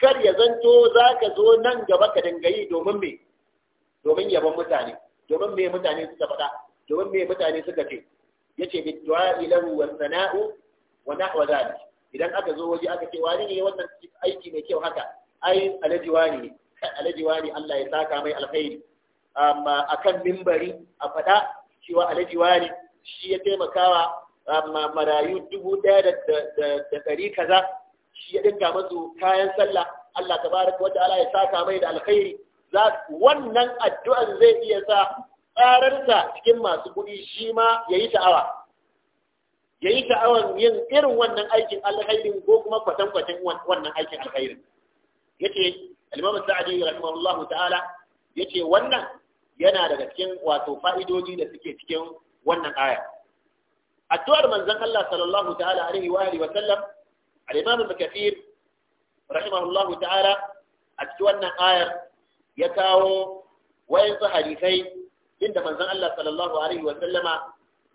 kar ya zanto za ka zo nan gaba ka dangayi domin me domin yabon mutane domin me mutane suka faɗa domin me mutane suka ce yace bi wa sana'u wa nahwa idan aka zo waje aka ce wani ne wannan aiki mai kyau haka ai alaji wani alaji wani Allah ya saka mai alkhairi amma akan mimbari a fada cewa alaji wani shi ya taimakawa amma marayu dubu daya da dari kaza shi ya dinga musu kayan sallah Allah tabaraka wa ta'ala ya saka mai da alkhairi wannan addu'an zai iya sa tsararsa cikin masu kuɗi shi ma ya yi ta'awa ya yi ta'awan yin irin wannan aikin alkhairin ko kuma kwatankwacin wannan aikin alkhairin ya ce alimamu sa'adi rahimahullahu ta'ala ya ce wannan yana daga cikin wato fa'idoji da suke cikin wannan aya addu'ar manzon Allah sallallahu ta'ala alaihi wa alihi wa sallam al-imam al-kathir rahimahullahu ta'ala a cikin wannan ayar ya kawo wayansu hadisai inda manzon Allah sallallahu alaihi wa sallama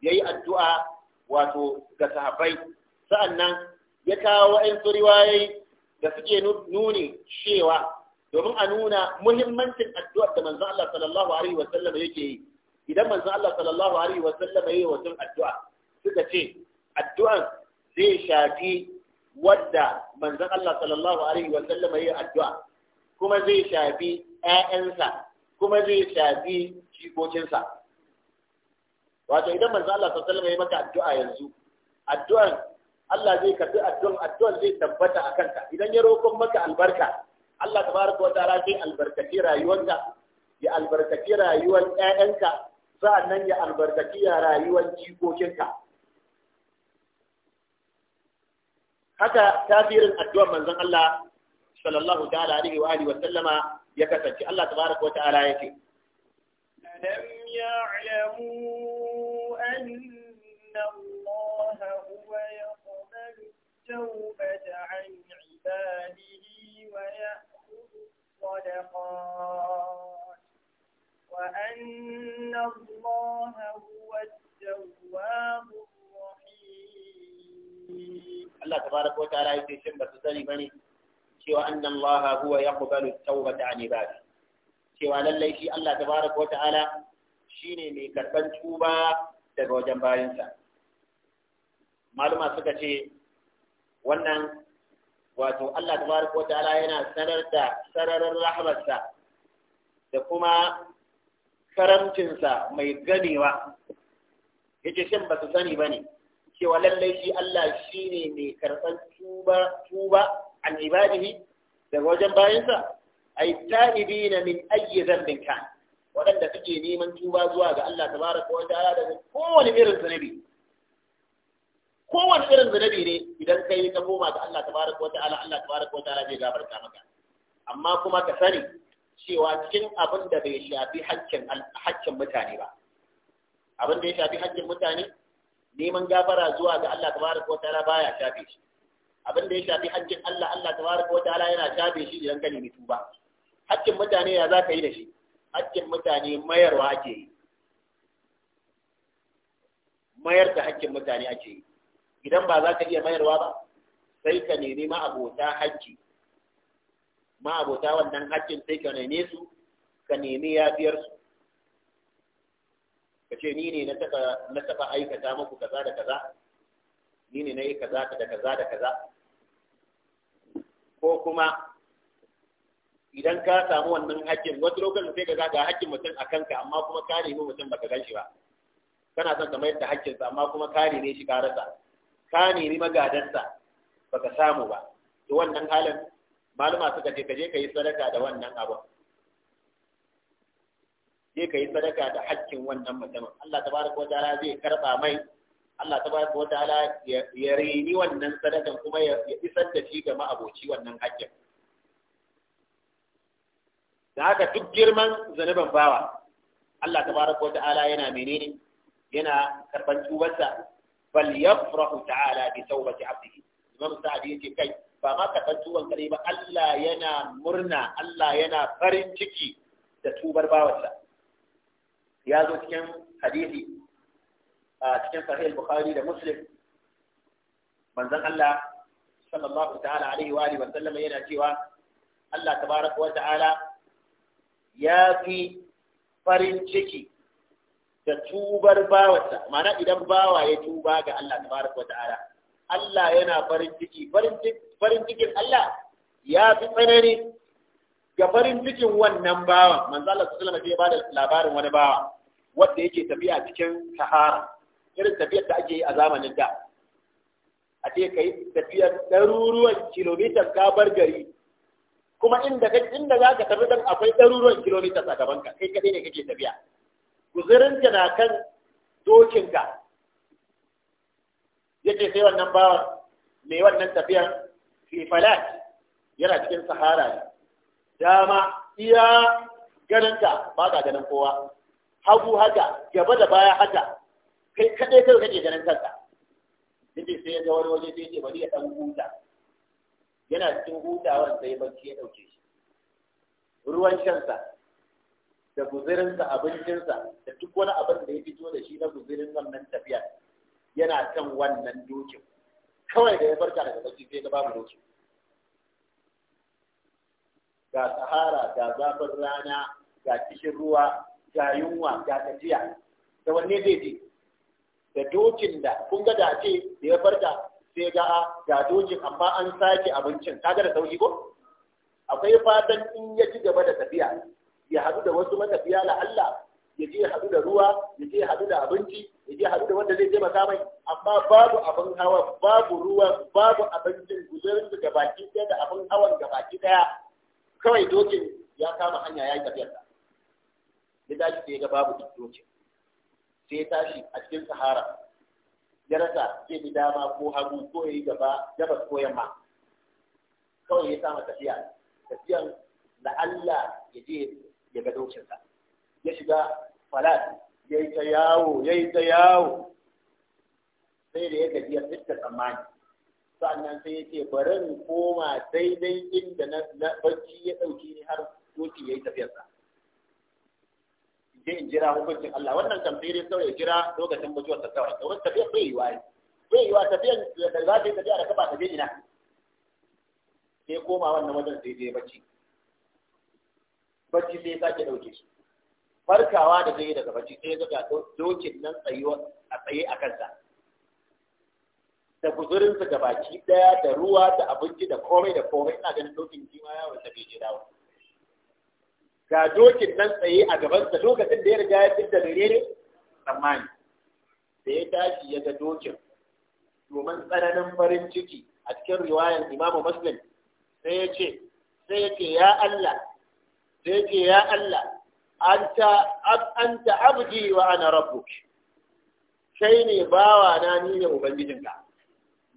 yayi addu'a wato ga sahabbai sa'annan ya kawo wa'ansu riwayoyi da suke nuni cewa domin a nuna muhimmancin addu'ar da manzon Allah sallallahu alaihi wa sallama yake yi idan manzon Allah sallallahu alaihi wa sallama yayi wajen addu'a suka ce addu'an zai shafi wadda manzon Allah sallallahu alaihi wa sallama yayi addu'a kuma zai shafi ƴaƴansa kuma zai shafi jikokinsa wato idan manzo Allah sallallahu alaihi wasallam ya maka addu'a yanzu addu'an Allah zai karbi addu'an addu'an zai tabbata a kanka idan ya roƙon maka albarka Allah tabaraka wa ta'ala zai albarkaci rayuwarka ya albarkaci rayuwar ƴaƴanka sa'annan ya albarkaci rayuwar jikokinka haka tasirin addu'ar manzon Allah sallallahu ta'ala alaihi wa alihi wa sallama ya kasance Allah tabaraka wa ta'ala yake ألم يعلموا أن الله هو يقبل التوبة عن عباده ويأخذ الصدقات وأن الله هو التواب الرحيم الله تبارك وتعالى يقول شنبة سني بني سوى أن الله هو يقبل التوبة عن عباده cewa lallai shi Allah Ta ko ta'ala shi ne mai karɓar tuba daga wajen bayansa. maluma suka ce wannan wato Allah Ta ko ta'ala yana sanar da sararin rahmarsa da kuma karamcinsa mai ganewa Yake shin ba su sani ba ne, cewa lallai shi Allah shi ne mai karɓar tuba an ibadihi daga wajen bayinsa ay ta'ibina min ayyi dhanbin kan waɗanda suke neman tuba zuwa ga Allah tabaraka wa ta'ala daga kowane irin zanabi kowane irin zanabi ne idan kai ka koma ga Allah tabaraka wa ta'ala Allah tabaraka wa ta'ala zai gafarta maka amma kuma ka sani cewa cikin abin da bai shafi haƙƙin haƙƙin mutane ba abin da ya shafi haƙƙin mutane neman gafara zuwa ga Allah tabaraka wa ta'ala baya shafe shi abin da ya shafi haƙƙin Allah Allah tabaraka wa ta'ala yana shafe shi idan ka nemi tuba hakkin mutane ya za ka yi da shi hakkin mutane mayarwa ake yi mayar da hakkin mutane ake yi idan ba za ka iya mayarwa ba sai ka nemi ma'abota hakki ma'abota wannan hakkin sai ka nemi su ka nemi yafiyar su ka ce ni ne na taɓa aikata muku kaza da kaza ni ne na yi kaza da kaza da kaza ko kuma idan ka samu wannan hakkin wasu lokacin sai ka ga ga hakkin mutum a kanka amma kuma ka nemi mutum baka gan shi ba kana son ka mayar da sa amma kuma ka nemi shi ka rasa ka nemi magadansa baka samu ba to wannan halin malama suka ce ka je ka yi sadaka da wannan abu je ka yi sadaka da hakkin wannan mutumin Allah tabaraka ta'ala zai karba mai Allah tabaraka ta'ala ya rini wannan sadakan kuma ya isar da shi ga ma'aboci wannan hakkin da haka duk girman zanuban bawa Allah Ta baraka wa ta'ala yana menene yana karban tubarsa bal yafrahu ta'ala bi tawbati abdihi imam sa'adi yake kai ba ma karban tuban kare ba Allah yana murna Allah yana farin ciki da tubar bawarsa ya zo cikin hadisi a cikin sahih bukhari da muslim manzon Allah sallallahu ta'ala alaihi wa alihi wa sallam yana cewa Allah tabaraka wa ta'ala ya fi farin ciki da tubar bawarsa mana idan bawa ya tuba ga Allah tabaraka wa ta'ala Allah yana farin ciki farin cikin Allah ya fi tsanani ga farin cikin wannan bawa manzo Allah sallallahu alaihi wasallam ya bada labarin wani bawa wanda yake tafiya cikin sahara irin tafiyar da ake yi a zamanin da a ce kai tafiyar ɗaruruwan kilomita ka bar gari kuma inda ka inda za ka tafi dan akwai ɗaruruwan kilomita a gaban ka kai kadai ne kake tafiya guzurin ka na kan dokin ka yake sai wannan bawan mai wannan tafiyan fi falat yana cikin sahara ne dama iya ka ba ka ganin kowa hagu haka gaba da baya haka kai kadai kai kake ganin kanka yake sai ya ga wani waje sai ya ce bari ya ɗan huta yana cikin hutawar sai bacci ya ɗauke shi ruwan shansa da guzirinsa abincinsa da duk wani abin da ya fito da shi na guzirin wannan tafiya yana kan wannan dokin kawai da ya farka daga bacci sai ga babu dokin ga sahara ga zafin rana ga cikin ruwa ga yunwa ga gajiya da wanne zai je da dokin da kun ga da fasaha ga dojin amma an sake abincin kaga da sauki ko akwai fatan in ya ci gaba da tafiya ya hadu da wasu matafiya la Allah ya je hadu da ruwa ya je hadu da abinci ya je hadu da wanda zai taimaka mai amma babu abin hawa babu ruwa babu abincin guzurin da gabaki ɗaya da abin hawan gabaki ɗaya kawai dokin ya kama hanya ya yi da ya tashi sai ga babu dokin sai ya tashi a cikin sahara ya rasa zai bi dama ko hagu ko ya yi gaba ko yamma kawai ya sama tafiya tafiyan da Allah ya je ya ga dokinsa ya shiga falat ya yi ta yawo ya ta yawo sai da ya gaji ya fitta tsammani sannan sai ya ce bari koma daidai inda na bacci ya ɗauki ni har doki ya yi tafiyarsa sai in jira hukuncin Allah wannan fere sau ya jira lokacin mutuwar ta kawai domin tafiya bai yi bai yi wa tafiya da za ta yi tafiya da kafa ta je ina sai koma wannan wajen sai je bacci bacci sai sake dauke shi farkawa da zai yi daga bacci sai ga dokin nan tsayuwa a tsaye a kansa da guzurinsa gabaki daya da ruwa da abinci da komai da komai ina ganin dokin kima ya wata bai je dawo ga dokin nan tsaye a gabansa lokacin da ya riga ya fitta da rere tsammani da ya tashi ya ga dokin domin tsananin farin ciki a cikin riwayar imamu muslim sai ya ce sai ya ce ya Allah sai ya ce ya Allah anta abdi wa ana rabbuk kai ne bawa na ni ne ubangijinka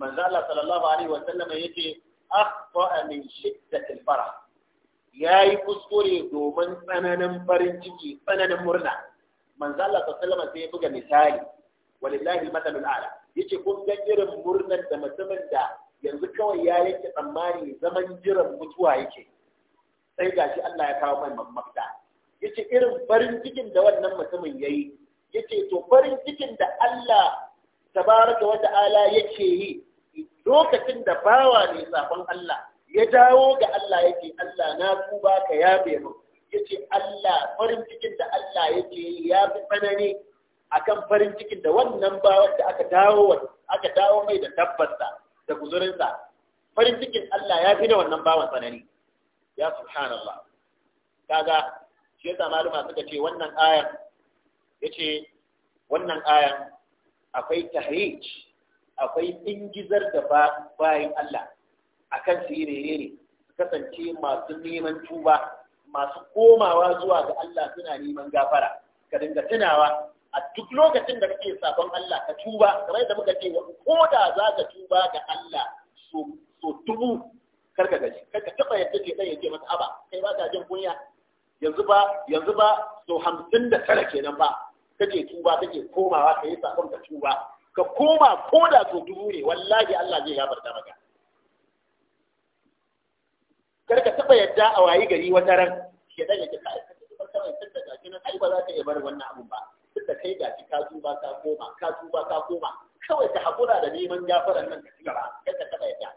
manzo Allah sallallahu alaihi wa sallam yace akhfa min shiddatil farah ya yi kuskure domin tsananin farin ciki tsananin murna manzo Allah sallallahu alaihi sai ya buga misali walillahi matalul ala yace kun ga irin murnar da mutumin da yanzu kawai ya yanke tsammani zaman jiran mutuwa yake sai gashi Allah ya kawo mai mafita yace irin farin cikin da wannan mutumin yayi yace to farin cikin da Allah tabaraka wa ta'ala yake yi lokacin da bawa ne sabon Allah ya dawo ga Allah yake Allah na tuba ka yabe mu yace Allah farin cikin da Allah yake ya fi tsanani akan farin cikin da wannan ba da aka dawo aka dawo mai da tabbarsa da guzurinsa farin cikin Allah ya fi da wannan bawan tsanani ya subhanallah kaga shi yasa maluma suka ce wannan ayan yace wannan ayan akwai tahrij akwai ingizar da bayin Allah akan su yi ne kasance masu neman tuba masu komawa zuwa ga Allah suna neman gafara ka dinga tunawa a duk lokacin da kake sabon Allah ka tuba kamar yadda muka ce ko da za ka tuba ga Allah so so tubu karka gaji karka taba yadda ke dai yake masa aba kai ba ka jin kunya yanzu ba yanzu ba so 59 kenan ba kake tuba kake komawa kai sabon ka tuba ka koma ko da so dubu ne wallahi Allah zai gafarta maka karka ka taba yadda a wayi gari wata ran ke ya yake ka tuba kawai tun ta gashi nan ai ba za ka iya bar wannan abun ba duk da kai gashi ka duba ka koma ka duba ka koma kawai ka hakura da neman gafaran nan ka ci gaba kar ka taba yadda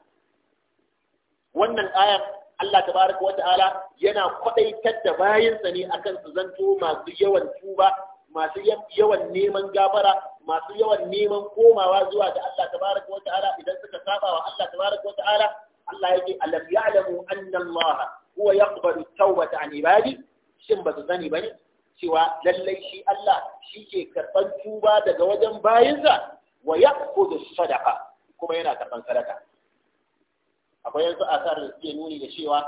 wannan ayar Allah tabaraka wa ta'ala yana kwadaitar da bayinsa ne akan su zanto masu yawan tuba masu yawan neman gafara masu yawan neman komawa zuwa ga Allah tabaraka wa ta'ala idan suka saba wa Allah tabaraka wa ta'ala Allah yake alam ya'lamu anna Allah huwa yaqbalu tawbata an ibadi shin ba su sani bane cewa lallai shi Allah shi ke karɓar tuba daga wajen bayinsa wa yaqbudu sadaqa kuma yana karɓar sadaka akwai yanzu asar da suke nuni da cewa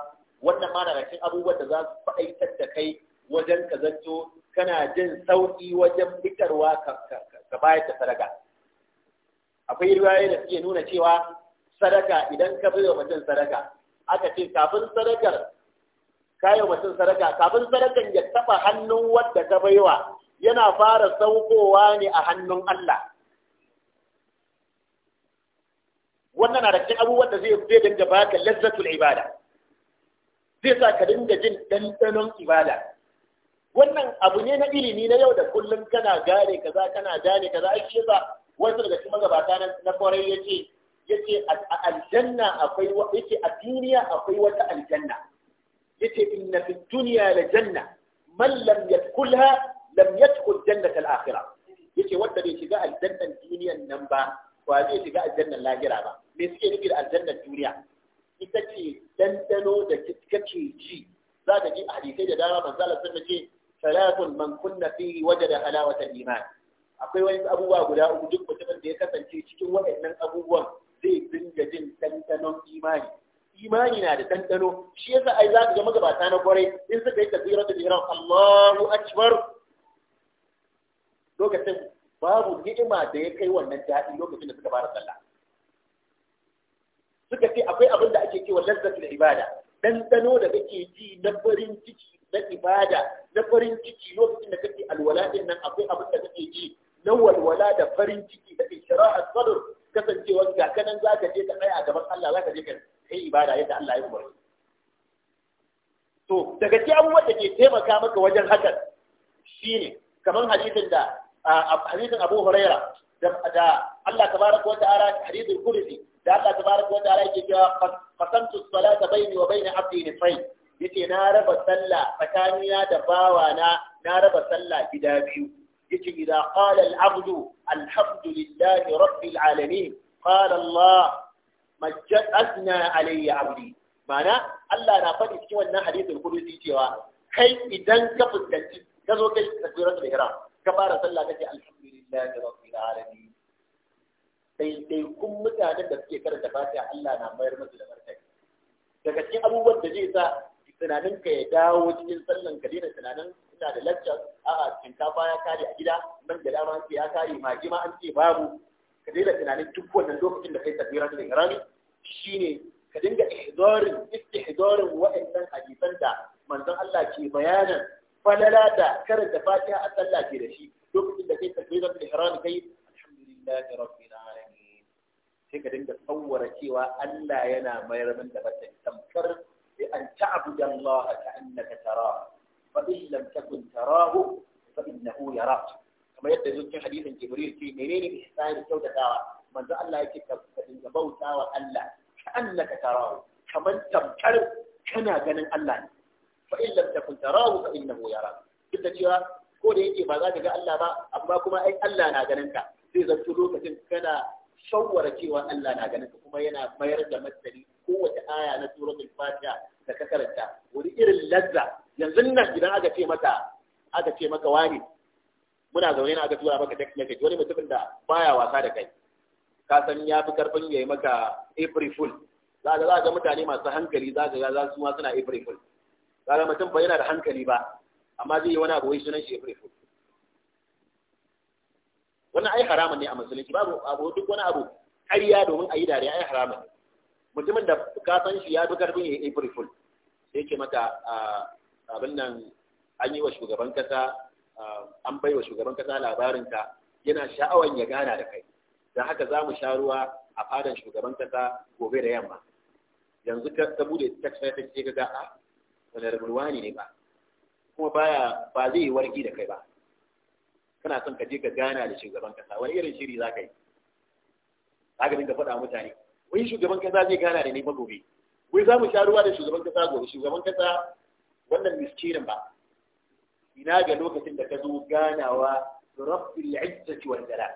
wannan ma daga cikin abubuwan da za su faɗaitar da kai wajen ka zanto kana jin sauƙi wajen fitarwa ka bayar da sadaka akwai riwaye da suke nuna cewa sadaka idan ka bai wa mutum sadaka aka ce kafin sadakar kayo mutum sadaka kafin sadakar ya taba hannun wadda ka baiwa yana fara saukowa ne a hannun Allah wannan na da cikin abubuwan da zai zai dinga baka lazzatul ibada zai sa ka dinga jin dandanon ibada wannan abu ne na ilimi na yau da kullum kana gane kaza kana gane kaza ake yasa wasu daga cikin magabata na kwarai yace yace a aljanna akwai a duniya akwai wata aljanna yace inna fid dunya la janna man lam yadkhulha lam yadkhul jannata akhirah yace wanda bai shiga aljannan duniyan nan ba ba zai shiga aljannan lahira ba me suke nufi da aljannan duniya ita ce dandano da kace ji za ka ji a hadisai da dama manzo Allah sun ce salatun man kunna fihi wajada halawata iman akwai wani abubuwa guda uku duk mutumin da ya kasance cikin waɗannan abubuwan zai dinga jin tantanon imani imani na da tantano shi yasa ai za ka ga magabata na kwarai in suka yi tafiyar da jiran Allahu akbar lokacin babu ni'ima da ya kai wannan daɗi lokacin da suka fara sallah suka ce akwai abin da ake cewa lazzatul ibada dandano da kake ji na farin ciki na ibada na farin ciki lokacin da kake alwala din nan akwai abin da kake ji na walwala da farin ciki da ishara sadr kasancewar ga kanan za ka je ka tsaya a gaban Allah za ka je ka yi ibada yadda Allah ya umarci to daga cikin abubuwan da ke taimaka maka wajen hakan shine kamar hadisin da hadisin Abu Huraira da Allah tabaraka wata'ala hadisin kursi da Allah tabaraka wata'ala yake cewa qasamtu salata baini wa baina abdi nisfain yace na raba sallah tsakanina da bawana na raba sallah gida biyu yace idza abdu alhamdulillahi rabbil alamin qala Allah majjad asna alayya abdi mana Allah na faɗi cikin wannan hadisin kudusi cewa kai idan ka fuskanci ka zo kai takbiratul ihram ka fara sallah kace alhamdulillahi rabbil alamin sai dai kun mutanen da suke karanta fatiha Allah na mayar musu da martani daga cikin abubuwan da zai sa tunanin ka ya dawo cikin sallan ka daina tunanin ina da lecture a'a shinkafa ya kare a gida nan da dama ce ya kare magi ma an ce babu ka daina tunanin duk wannan lokacin da kai tafira da ihrami shine ka dinga ihdarin istihdarin wa'annan hadisan da manzon Allah ke bayanan falala da karanta fatiha a sallah ke da shi lokacin da kai tafira da ihrami kai alhamdulillahi rabbil alamin sai ka dinga tsawwara cewa Allah yana mayar min da bakin tamkar بأن تعبد الله كأنك تراه فإن لم تكن تراه فإنه يراك كما يدعو في حديث جبريل في منين إحسان كودة من ذا الله يكتب بوتا وألا كأنك تراه كمن تمكر كنا جنن الله فإن لم تكن تراه فإنه يراك duk cewa ko da yake ba za ka ga Allah ba amma kuma ai Allah na ganin ka zai zanto lokacin kana shawara cewa Allah na ganin ka kuma yana mayar da martani kowace aya na suratul fatiha da ka karanta wani irin lazza yanzu nan idan aka ce maka aka ce maka wani muna zaune na aka tura maka text message wani mutumin da baya wasa da kai ka san ya fi karfin yayi maka april fool za ga ga mutane masu hankali za ga za su ma suna april fool za ga mutum ba yana da hankali ba amma zai yi wani abu wai sunan shi april fool wannan ai haramun ne a musulunci babu abu duk wani abu ƙarya domin a yi dariya ai haramun ne mutumin da ka san shi ya fi karfin ya yi april fool sai ce mata abin nan an yi wa shugaban kasa an bai wa shugaban kasa labarinka yana sha'awan ya gana da kai don haka za mu sha ruwa a fadan shugaban kasa gobe da yamma yanzu ka bude text message sai ga a wani rubulwani ne ba kuma baya ba zai yi warki da kai ba kana son ka je ka gana da shugaban kasa wani irin shiri za ka yi za ka dinga faɗa mutane wai shugaban kasa zai gana da ne gobe wai za mu sha ruwa da shugaban kasa gobe shugaban kasa wannan miskirin ba ina ga lokacin da ka zo ganawa rabbil izzati wal jalal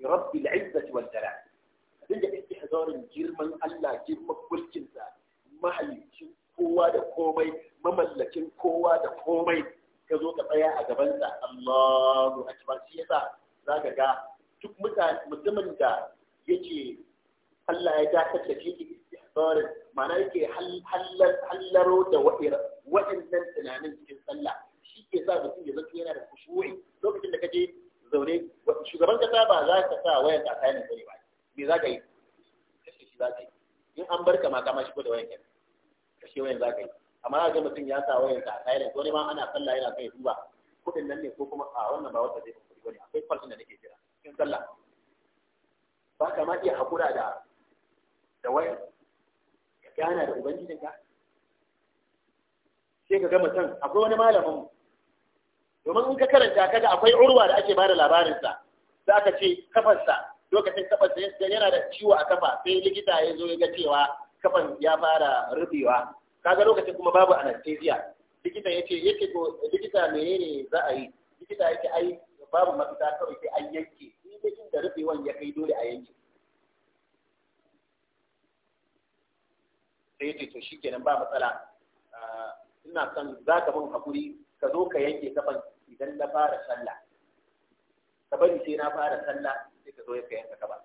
rabbil izzati wal jalal dinga istihzarin girman Allah girman mulkin sa mahalicin kowa da komai mamallakin kowa da komai ka zo ka tsaya a gaban sa Allahu akbar shi yasa zaka ga duk mutane mutumin da yake Allah ya dakatar da shi istihbarin ma'ana yake hallaro da waɗannan tunanin cikin sallah shi ke sa mutum ya zanto yana da kushuwi lokacin da kaje zaune shugaban kasa ba za ka sa wayan ka kayan bane ba me za ka yi kashe shi za ka yi in an bar ka ma kama shigo da wayan ka kashe wayan za ka yi amma ga mutum ya sa wayan ka kayan wani ma ana sallah yana kai duba kuɗin nan ne ko kuma a wannan ba wata zai kuɗi ne. akwai kwalin da nake jira cikin sallah ba ka ma iya haƙura da da waya ka gana da ubangijinka sai ka gama san akwai wani malamin domin in ka karanta kaga akwai urwa da ake bada labarinsa za ka ce kafarsa lokacin kafarsa yana da ciwo a kafa sai likita ya zo ya ga cewa kafan ya fara rubewa kaga lokacin kuma babu anesthesia likita ya ce yake ko likita menene za a yi likita ya ce ai babu mafita kawai sai an yanke ni da da rubewan ya kai dole a yanke sai ce to shikenan ba matsala ah, ina son za ka bin hakuri ka zo ka yanke kafan idan na fara sallah ka sai na fara sallah sai ka zo ya yanka kafa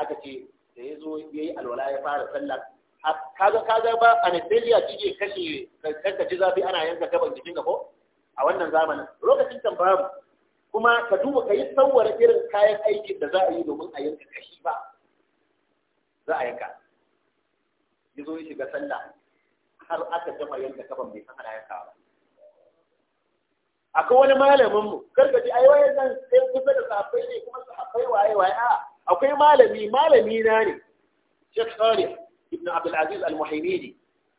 aka ce da ya zo ya yi alwala ya fara sallah kaga kaga ba anesthesia kike kashe kanka ji zafi ana yanka kafan jikin ka ko a wannan zamanin lokacin kan babu kuma ka duba ka yi tsawara irin kayan aikin da za a yi domin a yanka kashi ba za a yanka ya zo ya shiga sallah har aka dafa yanda kafan bai san ya yanka ba akwai wani malamin mu karka ji ai wayan nan sai kusa da sahabbai ne kuma sahabbai waye waye a akwai malami malami na ne Sheikh Salih ibn Abdul Aziz Al-Muhaimidi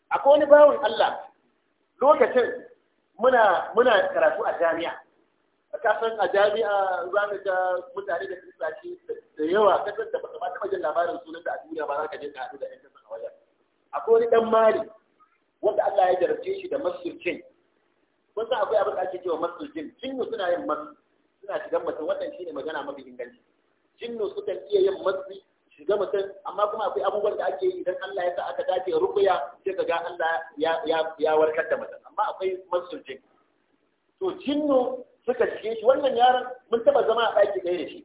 akwai wani bawon Allah lokacin muna muna karatu a jami'a kasan a jami'a za ka ga mutane da kristaci da yawa kasan da ba ta jin labarin sunan da a duniya ba za ka je ka haɗu da 'yan kasan a wajen akwai wani dan mali wanda Allah ya jarabce shi da masurcin kun san akwai abin da ake cewa masurcin jinnu suna yin masu suna shigan mutum wannan shine magana mafi inganci jinnu sukan iya yin masu shiga mutum amma kuma akwai abubuwan da ake yi idan Allah ya sa aka dace rukuya sai ka ga Allah ya ya warkar da mutum amma akwai masurcin to jinnu suka shige shi wannan yaron mun taba zama a ɗaki ɗaya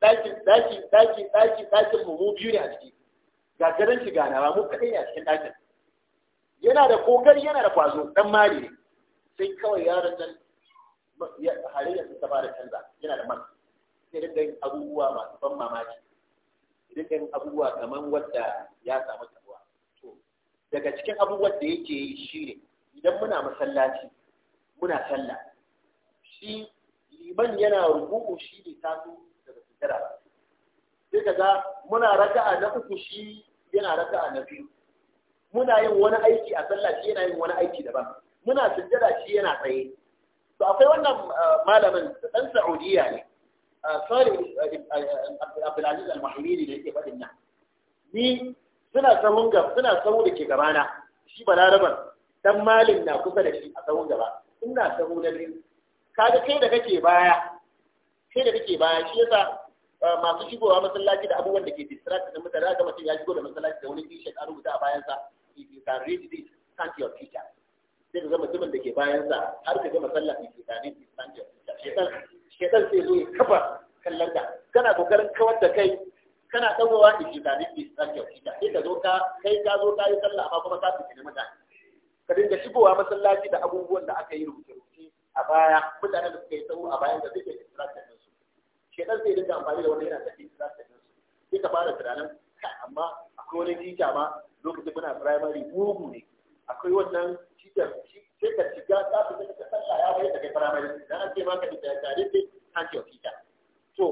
da shi ɗaki ɗaki ɗaki ɗaki ɗakin mu mu biyu ne a ciki ga garan shi ba mu kadai ne a cikin ɗakin yana da kokari yana da kwazo dan mari ne sai kawai yaron nan halayyarsa ta fara canza yana da man sai dinga yin abubuwa masu ban mamaki dinga yin abubuwa kamar wadda ya samu tabuwa to daga cikin abubuwan da yake yi shi ne idan muna masallaci muna sallah shi liman yana rubu'u shi ne taso daga ba. sai ka ga muna raka'a na uku shi yana raka'a na biyu muna yin wani aiki a sallah shi yana yin wani aiki daban muna sujjada shi yana tsaye to akwai wannan eh, malamin dan Saudiya ne eh, Salih eh, Abdulaziz Al-Muhammidi da yake faɗin nan ni suna sahun gaba suna sahu da ke gabana shi balaraban dan malin na kusa da shi a sahun gaba ina sahu da ni kaga kai da kake baya kai da kake baya shi yasa masu shigowa masallaci da abubuwan da ke distract da mutane ga mutum ya shigo da masallaci da wani t-shirt an rubuta a bayansa if you can read this thank your teacher sai ka ga mutumin da ke bayansa har ka ga masallaci if you can read this thank your teacher shedan sai zo ya kafa kallon da kana kokarin kawar da kai kana dawowa if you can read this thank your teacher sai ka zo ka kai ka zo ka yi sallah amma kuma ka fice mutane ka dinga shigowa masallaci da abubuwan da aka yi rubutu rubuce a baya mutanen da suka yi tsawo a bayan da suke amfani da wani yana tafi za ta gansu sai ka fara tunanin amma akwai wani tita ma lokacin muna primary gugu ne akwai wannan titar sai ka shiga za ka ga ka sallah ya bai da kai primary da an ce ma ka da tare sai an ce tita to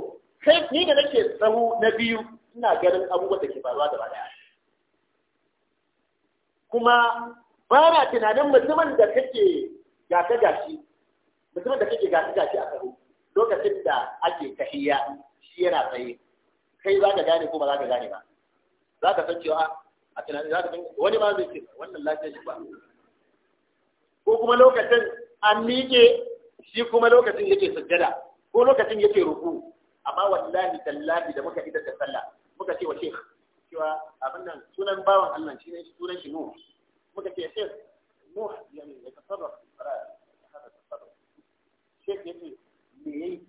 kai ni da nake tsawo na biyu ina ganin abubuwan da ke faruwa gaba daya kuma ba na tunanin mutumin da kake gasa gashi mutumin da kake gasa gashi a karo lokacin da ake tahiyya shi yana tsaye kai za ka gane ko ba za ka gane ba za ka san cewa a tunanin za ka san wani ma zai ce wannan lafiyar shi ba ko kuma lokacin an miƙe shi kuma lokacin yake sujjada ko lokacin yake ruku amma wallahi tallahi da muka ita da sallah muka ce wa sheikh cewa abin nan sunan bawan Allah shi ne sunan shi Nuh muka ce sheikh Nuh ne ya tasarraf fara hada tasarruf sheikh me yayi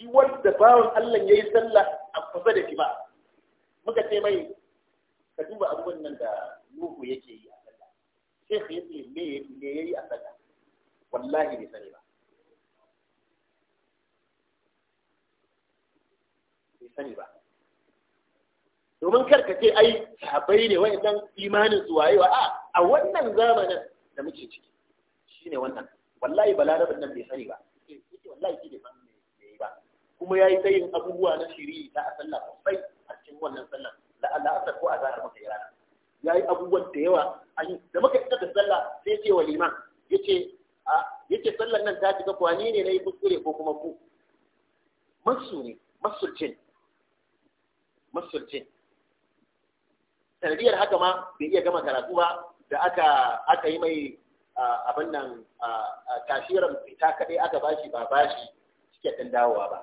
shi wanda bawan Allah ya yi sallah a kusa da shi ba muka ce mai ka duba abubuwan nan da Nuhu yake yi a sallah shekh ya ce me me yayi a sallah wallahi bai sani ba bai sani ba domin ce ai sahabbai ne wa'annan imanin su wayewa a a wannan zamanin da muke ciki shine wannan wallahi balarabin nan bai sani ba wallahi shi ne kuma ya yi tsayin abubuwa na shiri ta a sallah sosai a cikin wannan sallah asar ko a zahar maka rana ya yi abubuwan da yawa da muka ita da sallah sai ce wa liman ya ce sallan nan ta cika kuwa ne na yi kuskure ko kuma ku masu ne masulcin masulcin sanadiyar haka ma bai iya gama karatu ba da aka aka yi mai abin nan kashiran fita kaɗai aka bashi ba bashi cike dawowa ba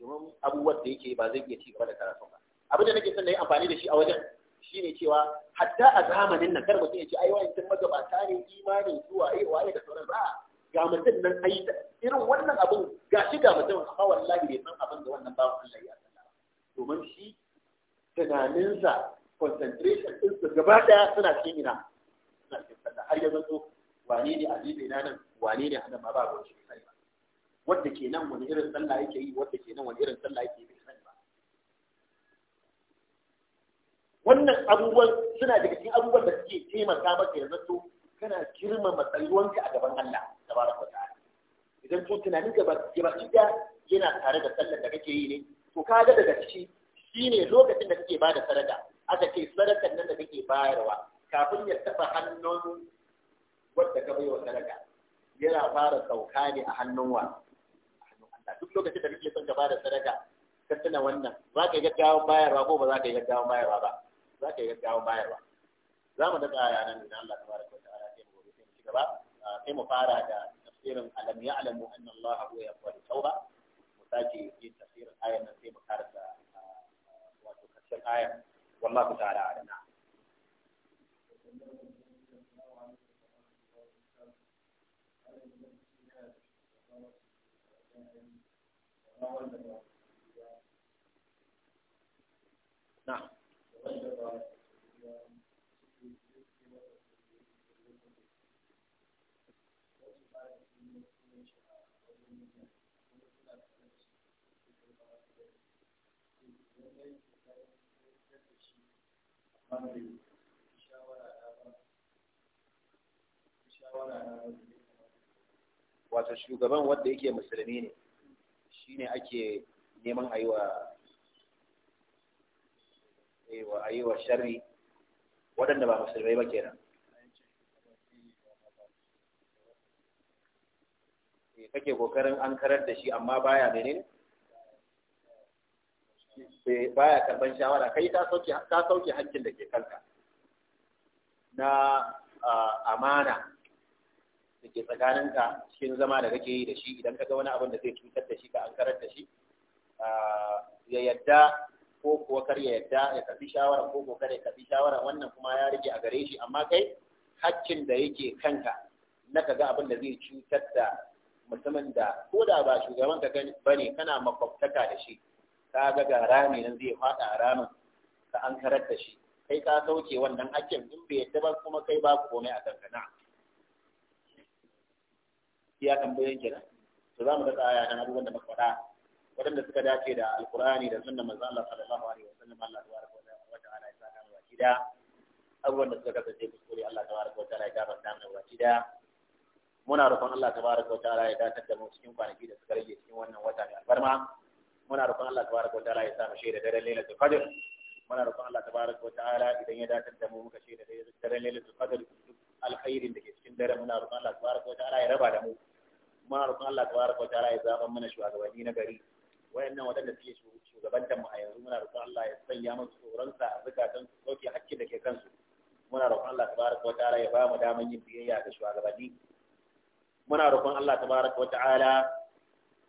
domin abubuwan da yake ba zai iya ci gaba da karatu ba abin da nake son na yi amfani da shi a wajen shine cewa hatta a zamanin nan kar mutum ya ce ai sun magabata ne imanin zuwa, waye waye da sauran ba ga mutum nan ai irin wannan abin ga shi ga mutum amma wallahi bai san abin da wannan bawan Allah ya sanar domin shi tunaninsa concentration din su gaba daya suna cikin ina suna cikin sallah har ya zanto wane ne azizi na nan wane ne hada ma ba gwamnati sai wadda ke nan wani irin sallah yake yi wadda ke nan wani irin sallah yake yi sani ba wannan abubuwan suna daga cikin abubuwan da suke taimaka maka yanzu to kana girmama tsayuwanka a gaban Allah tabaraka ta'ala idan to tunanin ka baki da yana tare da sallar da kake yi ne to kaga daga ciki ne lokacin da kake bada sadaka aka ce sadakar nan da kake bayarwa kafin ya taba hannun wadda ka bai wa sadaka yana fara sauka ne a hannun wa duk lokacin da kake son ka bada sadaka ka tuna wannan za ka yi gaggawan bayarwa ko ba za ka yi gaggawan bayarwa ba za ka yi gaggawan bayarwa za mu daga aya nan idan Allah tabaraka wa ta'ala sai mu gobe ci gaba ah, sai mu fara da tafsirin alam ya'lamu anna Allah huwa yaqbalu tauba mu sake yin tafsirin ayan nan sai mu karanta ah, wato karshen ayan wallahu ta'ala a'lam wato shugaban wanda yake musulmi ne shine ake neman a yi wa eh, a sharri waɗanda ba musulmai ba kenan eh, kake kokarin an karar da shi amma baya menene eh, baya karban shawara kai ta sauke ka hakkin da ke kanka na ah, amana da ke tsakaninka cikin zama da kake yi da shi idan ka ga wani abin da zai cutar da shi ka ankarar da shi ah, ya yadda ko kuwa kar ya yadda ya kafi shawara ko kuwa kar ya kafi shawara wannan kuma ya rage a gare shi amma kai hakkin da yake kanka na ka ga abin da zai cutar da mutumin da ko da ba shugaban ka bane kana makwabtaka da shi ka ga ga rami nan zai faɗa a ramin ka ankarar da shi kai ka sauke wannan hakkin in bai yadda ba kuma kai ba komai a kanka na'am iya tambayoyin kenan to za mu daga aya nan abubuwan da muka faɗa waɗanda suka dace da alkur'ani da sunan manzo Allah sallallahu alaihi wasallam Allah tabaraka wa ta'ala ya saka mu baki gida abubuwan da suka kasance kuskure Allah tabaraka wa ta'ala ya gafarta mana baki gida muna roƙon Allah tabaraka wa ta'ala ya dace da mu cikin kwanaki da suka rage cikin wannan wata mai albarma muna roƙon Allah tabaraka wa ta'ala ya sa mu shaida daren lailatul qadr muna roƙon Allah tabaraka wa ta'ala idan ya dace da mu muka shaida daren lailatul qadr alkhairin da ke cikin dare muna roƙon Allah tabaraka wa ta'ala ya raba da mu muna roƙon Allah tabaraka wa ta'ala ya zaba mana shugabanni na gari wayannan waɗanda suke shugabantar mu a yanzu muna roƙon Allah ya sanya musu tsoronsa a zakatan su sauke hakkin da ke kansu muna roƙon Allah tabaraka wa ta'ala ya ba mu daman yin biyayya ga shugabanni muna roƙon Allah tabaraka wa ta'ala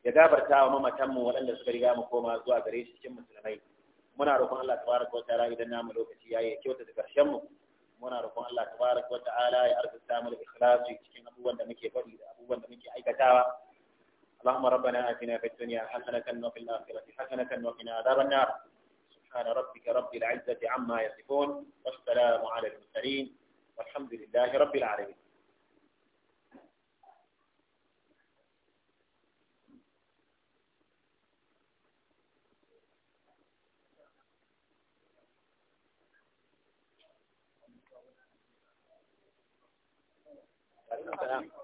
ya gabarta wa mamatan mu waɗanda suka riga mu koma zuwa gare shi cikin musulmai muna roƙon Allah tabaraka wa ta'ala idan namu lokaci yayi ya kyauta da karshen mu muna roƙon Allah tabaraka wata'ala ya arzuta mu da ikhlasi cikin abubuwan da muke faɗi da abubuwan da muke aikatawa اللهم ربنا آتنا في الدنيا حسنة وفي الآخرة حسنة وقنا عذاب النار سبحان ربك رب العزة عما يصفون والسلام على المرسلين والحمد لله رب العالمين Voilà.